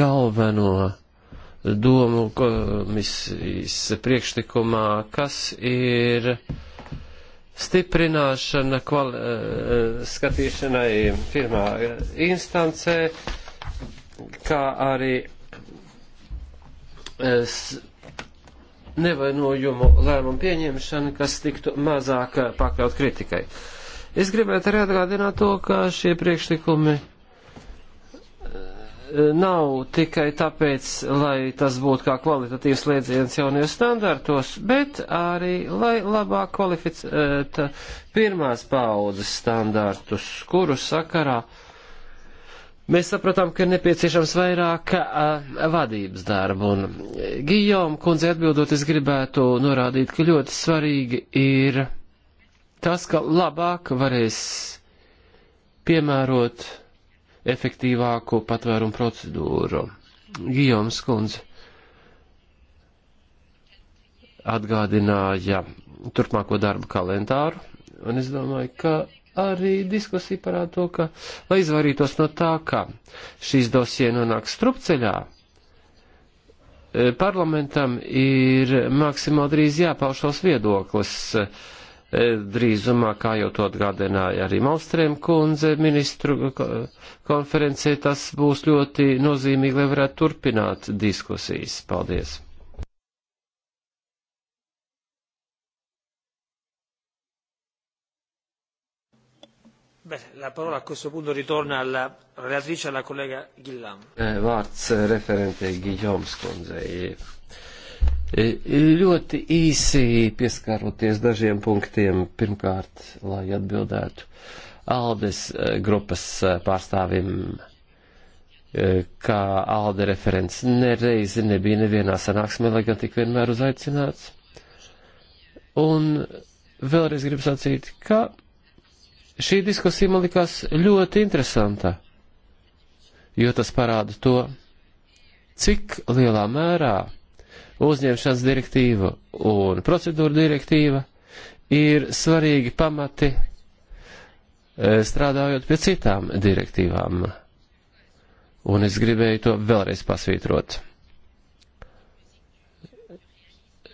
galveno domu komisijas priekšlikumā, kas ir stiprināšana kvali, eh, skatīšanai pirmā instancē, kā arī eh, nevainojumu lēmumu pieņemšana, kas tiktu mazāk eh, pakļaut kritikai. Es gribētu arī atgādināt to, ka šie priekšlikumi nav tikai tāpēc, lai tas būtu kā kvalitatīvs liedziens jaunajos standartos, bet arī, lai labāk kvalificētu pirmās paaudzes standartus, kuru sakarā mēs sapratām, ka ir nepieciešams vairāk vadības darbu. Un Gijom kundze atbildot, es gribētu norādīt, ka ļoti svarīgi ir tas, ka labāk varēs piemērot efektīvāku patvērumu procedūru. Gijoms kundze atgādināja turpmāko darbu kalendāru, un es domāju, ka arī diskusija parāda to, ka, lai izvairītos no tā, ka šīs dosie nonāk strupceļā, eh, parlamentam ir maksimāli drīz jāpauž savs viedoklis eh, E, drīzumā, kā jau to atgādināja arī Malstrēm kundze ministru konferencē, tas būs ļoti nozīmīgi, lai varētu turpināt diskusijas. Paldies! La parola a questo punto ritorna alla relatrice, alla collega Gillam. Eh, Vārds referentei Gijoms kundzei. E, ļoti īsi pieskaroties dažiem punktiem, pirmkārt, lai atbildētu Aldes e, grupas e, pārstāvim, kā Alde referents nereizi nebija nevienā sanāksmē, lai gan tik vienmēr uzaicināts. Un vēlreiz gribu sacīt, ka šī diskusija man likās ļoti interesanta, jo tas parāda to, cik lielā mērā uzņemšanas direktīva un procedūra direktīva ir svarīgi pamati e, strādājot pie citām direktīvām. Un es gribēju to vēlreiz pasvītrot.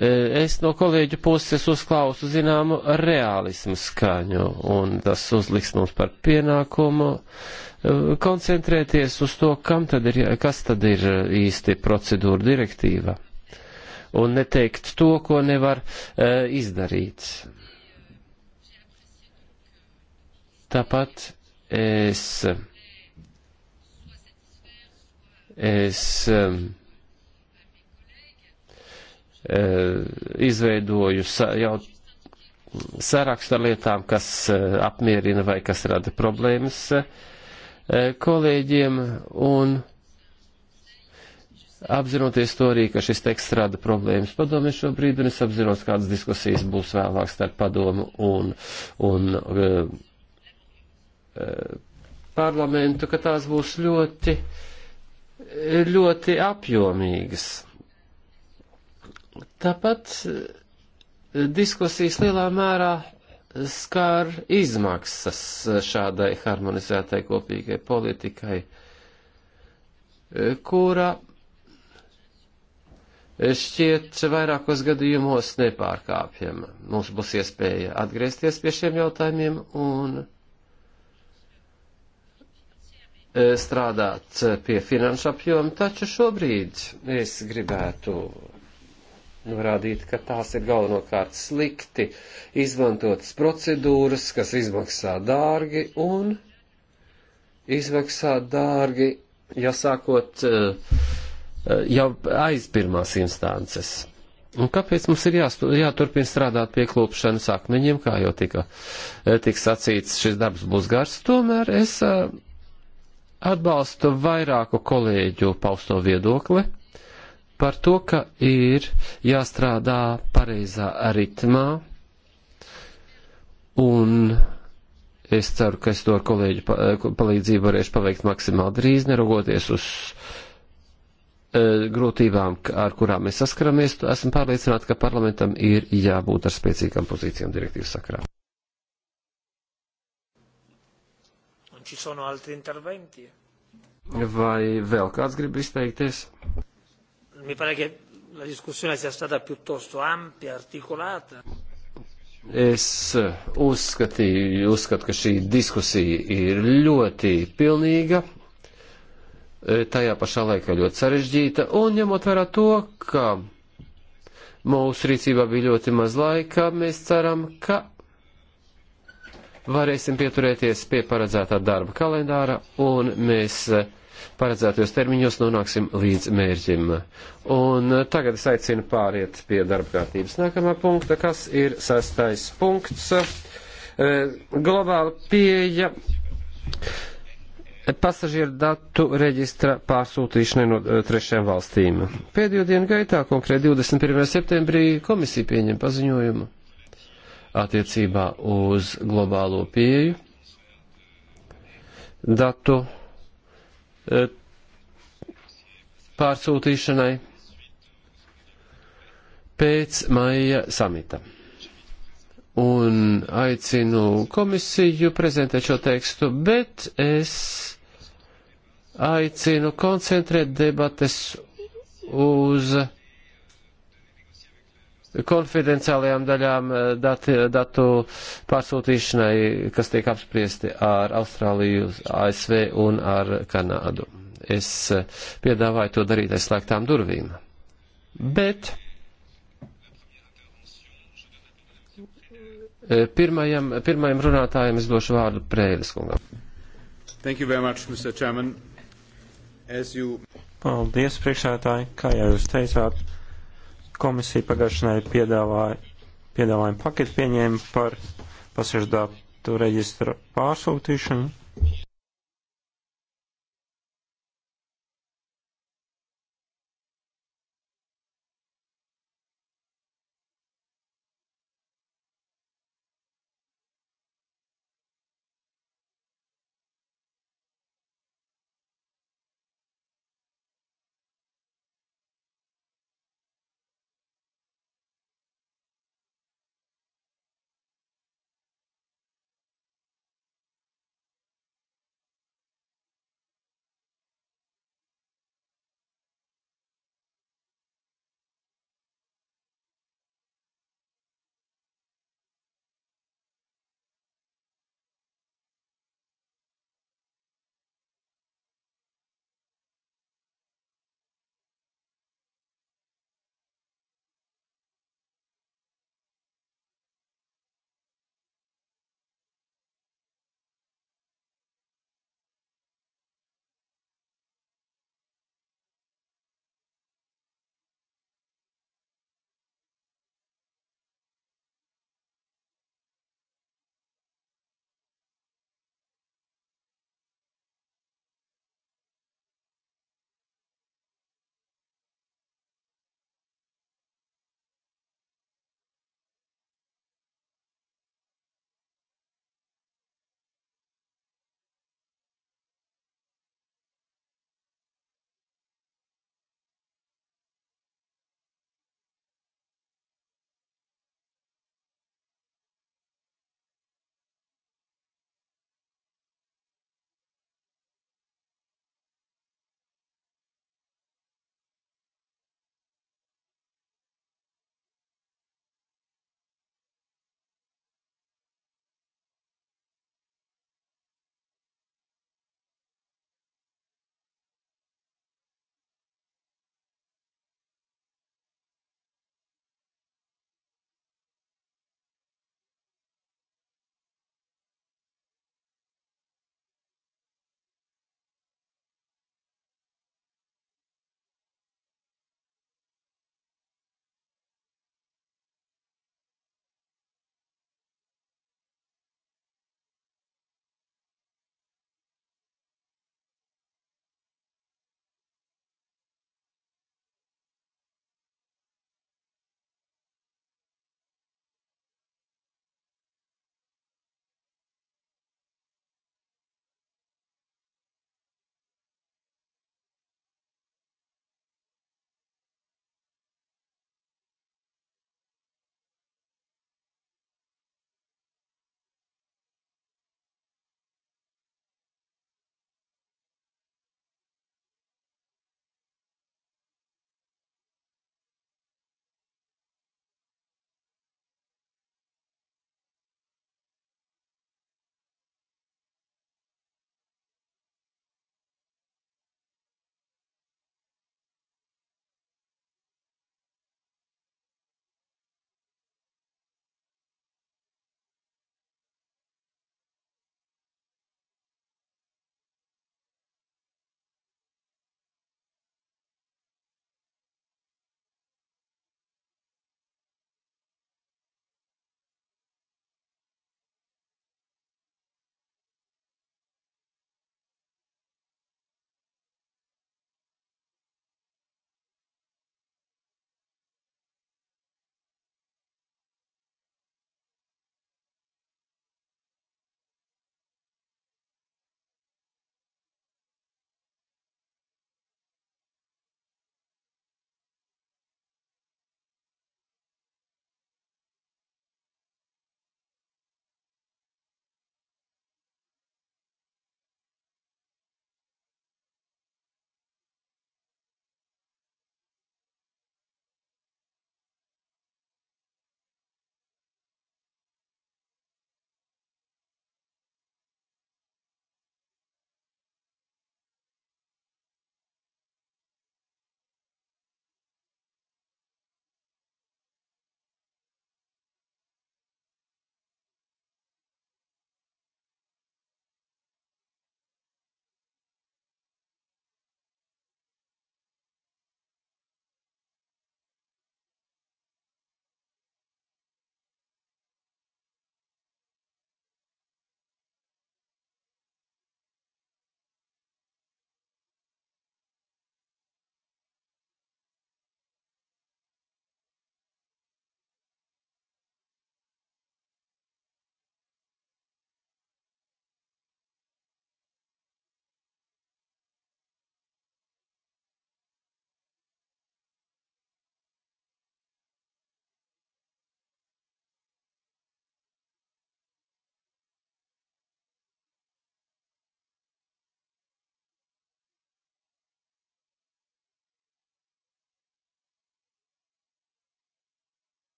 E, es no kolēģu puses uzklausu zināmu realismu skaņu, un tas uzliks mums par pienākumu e, koncentrēties uz to, kam tad ir, kas tad ir īsti procedūra direktīva un neteikt to, ko nevar uh, izdarīt. Tāpat es, es um, izveidoju sa, jau sarakstu ar lietām, kas apmierina vai kas rada problēmas kolēģiem, un apzinoties to arī, ka šis teksts rada problēmas padomē šobrīd, un es apzinos, kādas diskusijas būs vēlāk starp padomu un, un uh, uh, parlamentu, ka tās būs ļoti, ļoti apjomīgas. Tāpat uh, diskusijas lielā mērā skār izmaksas šādai harmonizētai kopīgai politikai, uh, kura šķiet vairākos gadījumos nepārkāpjama. Mums būs iespēja atgriezties pie šiem jautājumiem un e, strādāt pie finanšu apjoma, taču šobrīd es gribētu norādīt, ka tās ir galvenokārt slikti izmantotas procedūras, kas izmaksā dārgi un izmaksā dārgi, ja sākot uh, Eh, jau aiz pirmās instances. Un kāpēc mums ir jāstu, jāturpina strādāt pie klūpšanas akmeņiem, kā jau tika, eh, tika sacīts, šis darbs būs gars, tomēr es eh, atbalstu vairāku kolēģu pausto viedokli par to, ka ir jāstrādā pareizā ritmā, un es ceru, ka es to ar kolēģu palīdzību varēšu paveikt maksimāli drīz, neraugoties uz uh, E, grūtībām, ar kurām mēs saskaramies, esmu pārliecināti, ka parlamentam ir jābūt ar spēcīgām pozīcijām direktīvas sakrā. Vai vēl kāds grib izteikties? Es e, uzskatīju, uzskatu, ka šī diskusija ir ļoti pilnīga, E, tajā pašā laikā ļoti sarežģīta, un ņemot vērā to, ka mūsu rīcībā bija ļoti maz laika, mēs ceram, ka varēsim pieturēties pie paredzētā darba kalendāra, un mēs e, paredzētajos termiņos nonāksim līdz mērķim. Un tagad es aicinu pāriet pie darba kārtības nākamā punkta, kas ir sastais punkts. E, globāla pieeja pasažieru datu reģistra pārsūtīšanai no eh, trešajām valstīm. Pēdējo dienu gaitā, konkrēt 21. septembrī, komisija pieņem paziņojumu attiecībā uz globālo pieju datu eh, pārsūtīšanai pēc maija samita un aicinu komisiju prezentēt šo tekstu, bet es aicinu koncentrēt debates uz konfidenciālajām daļām eh, dati, datu pārsūtīšanai, kas tiek apspriesti ar Austrāliju, ASV un ar Kanādu. Es eh, piedāvāju to darīt aizslēgtām durvīm. Bet eh, pirmajam, pirmajam runātājam es došu vārdu Prēles kungam. Thank you very much, Mr. Chairman you... Paldies, priekšētāji, kā jau jūs teicāt, komisija pagājušanai piedāvāja, piedāvāja paketu pieņēmu par pasaždātu reģistru pārsūtīšanu.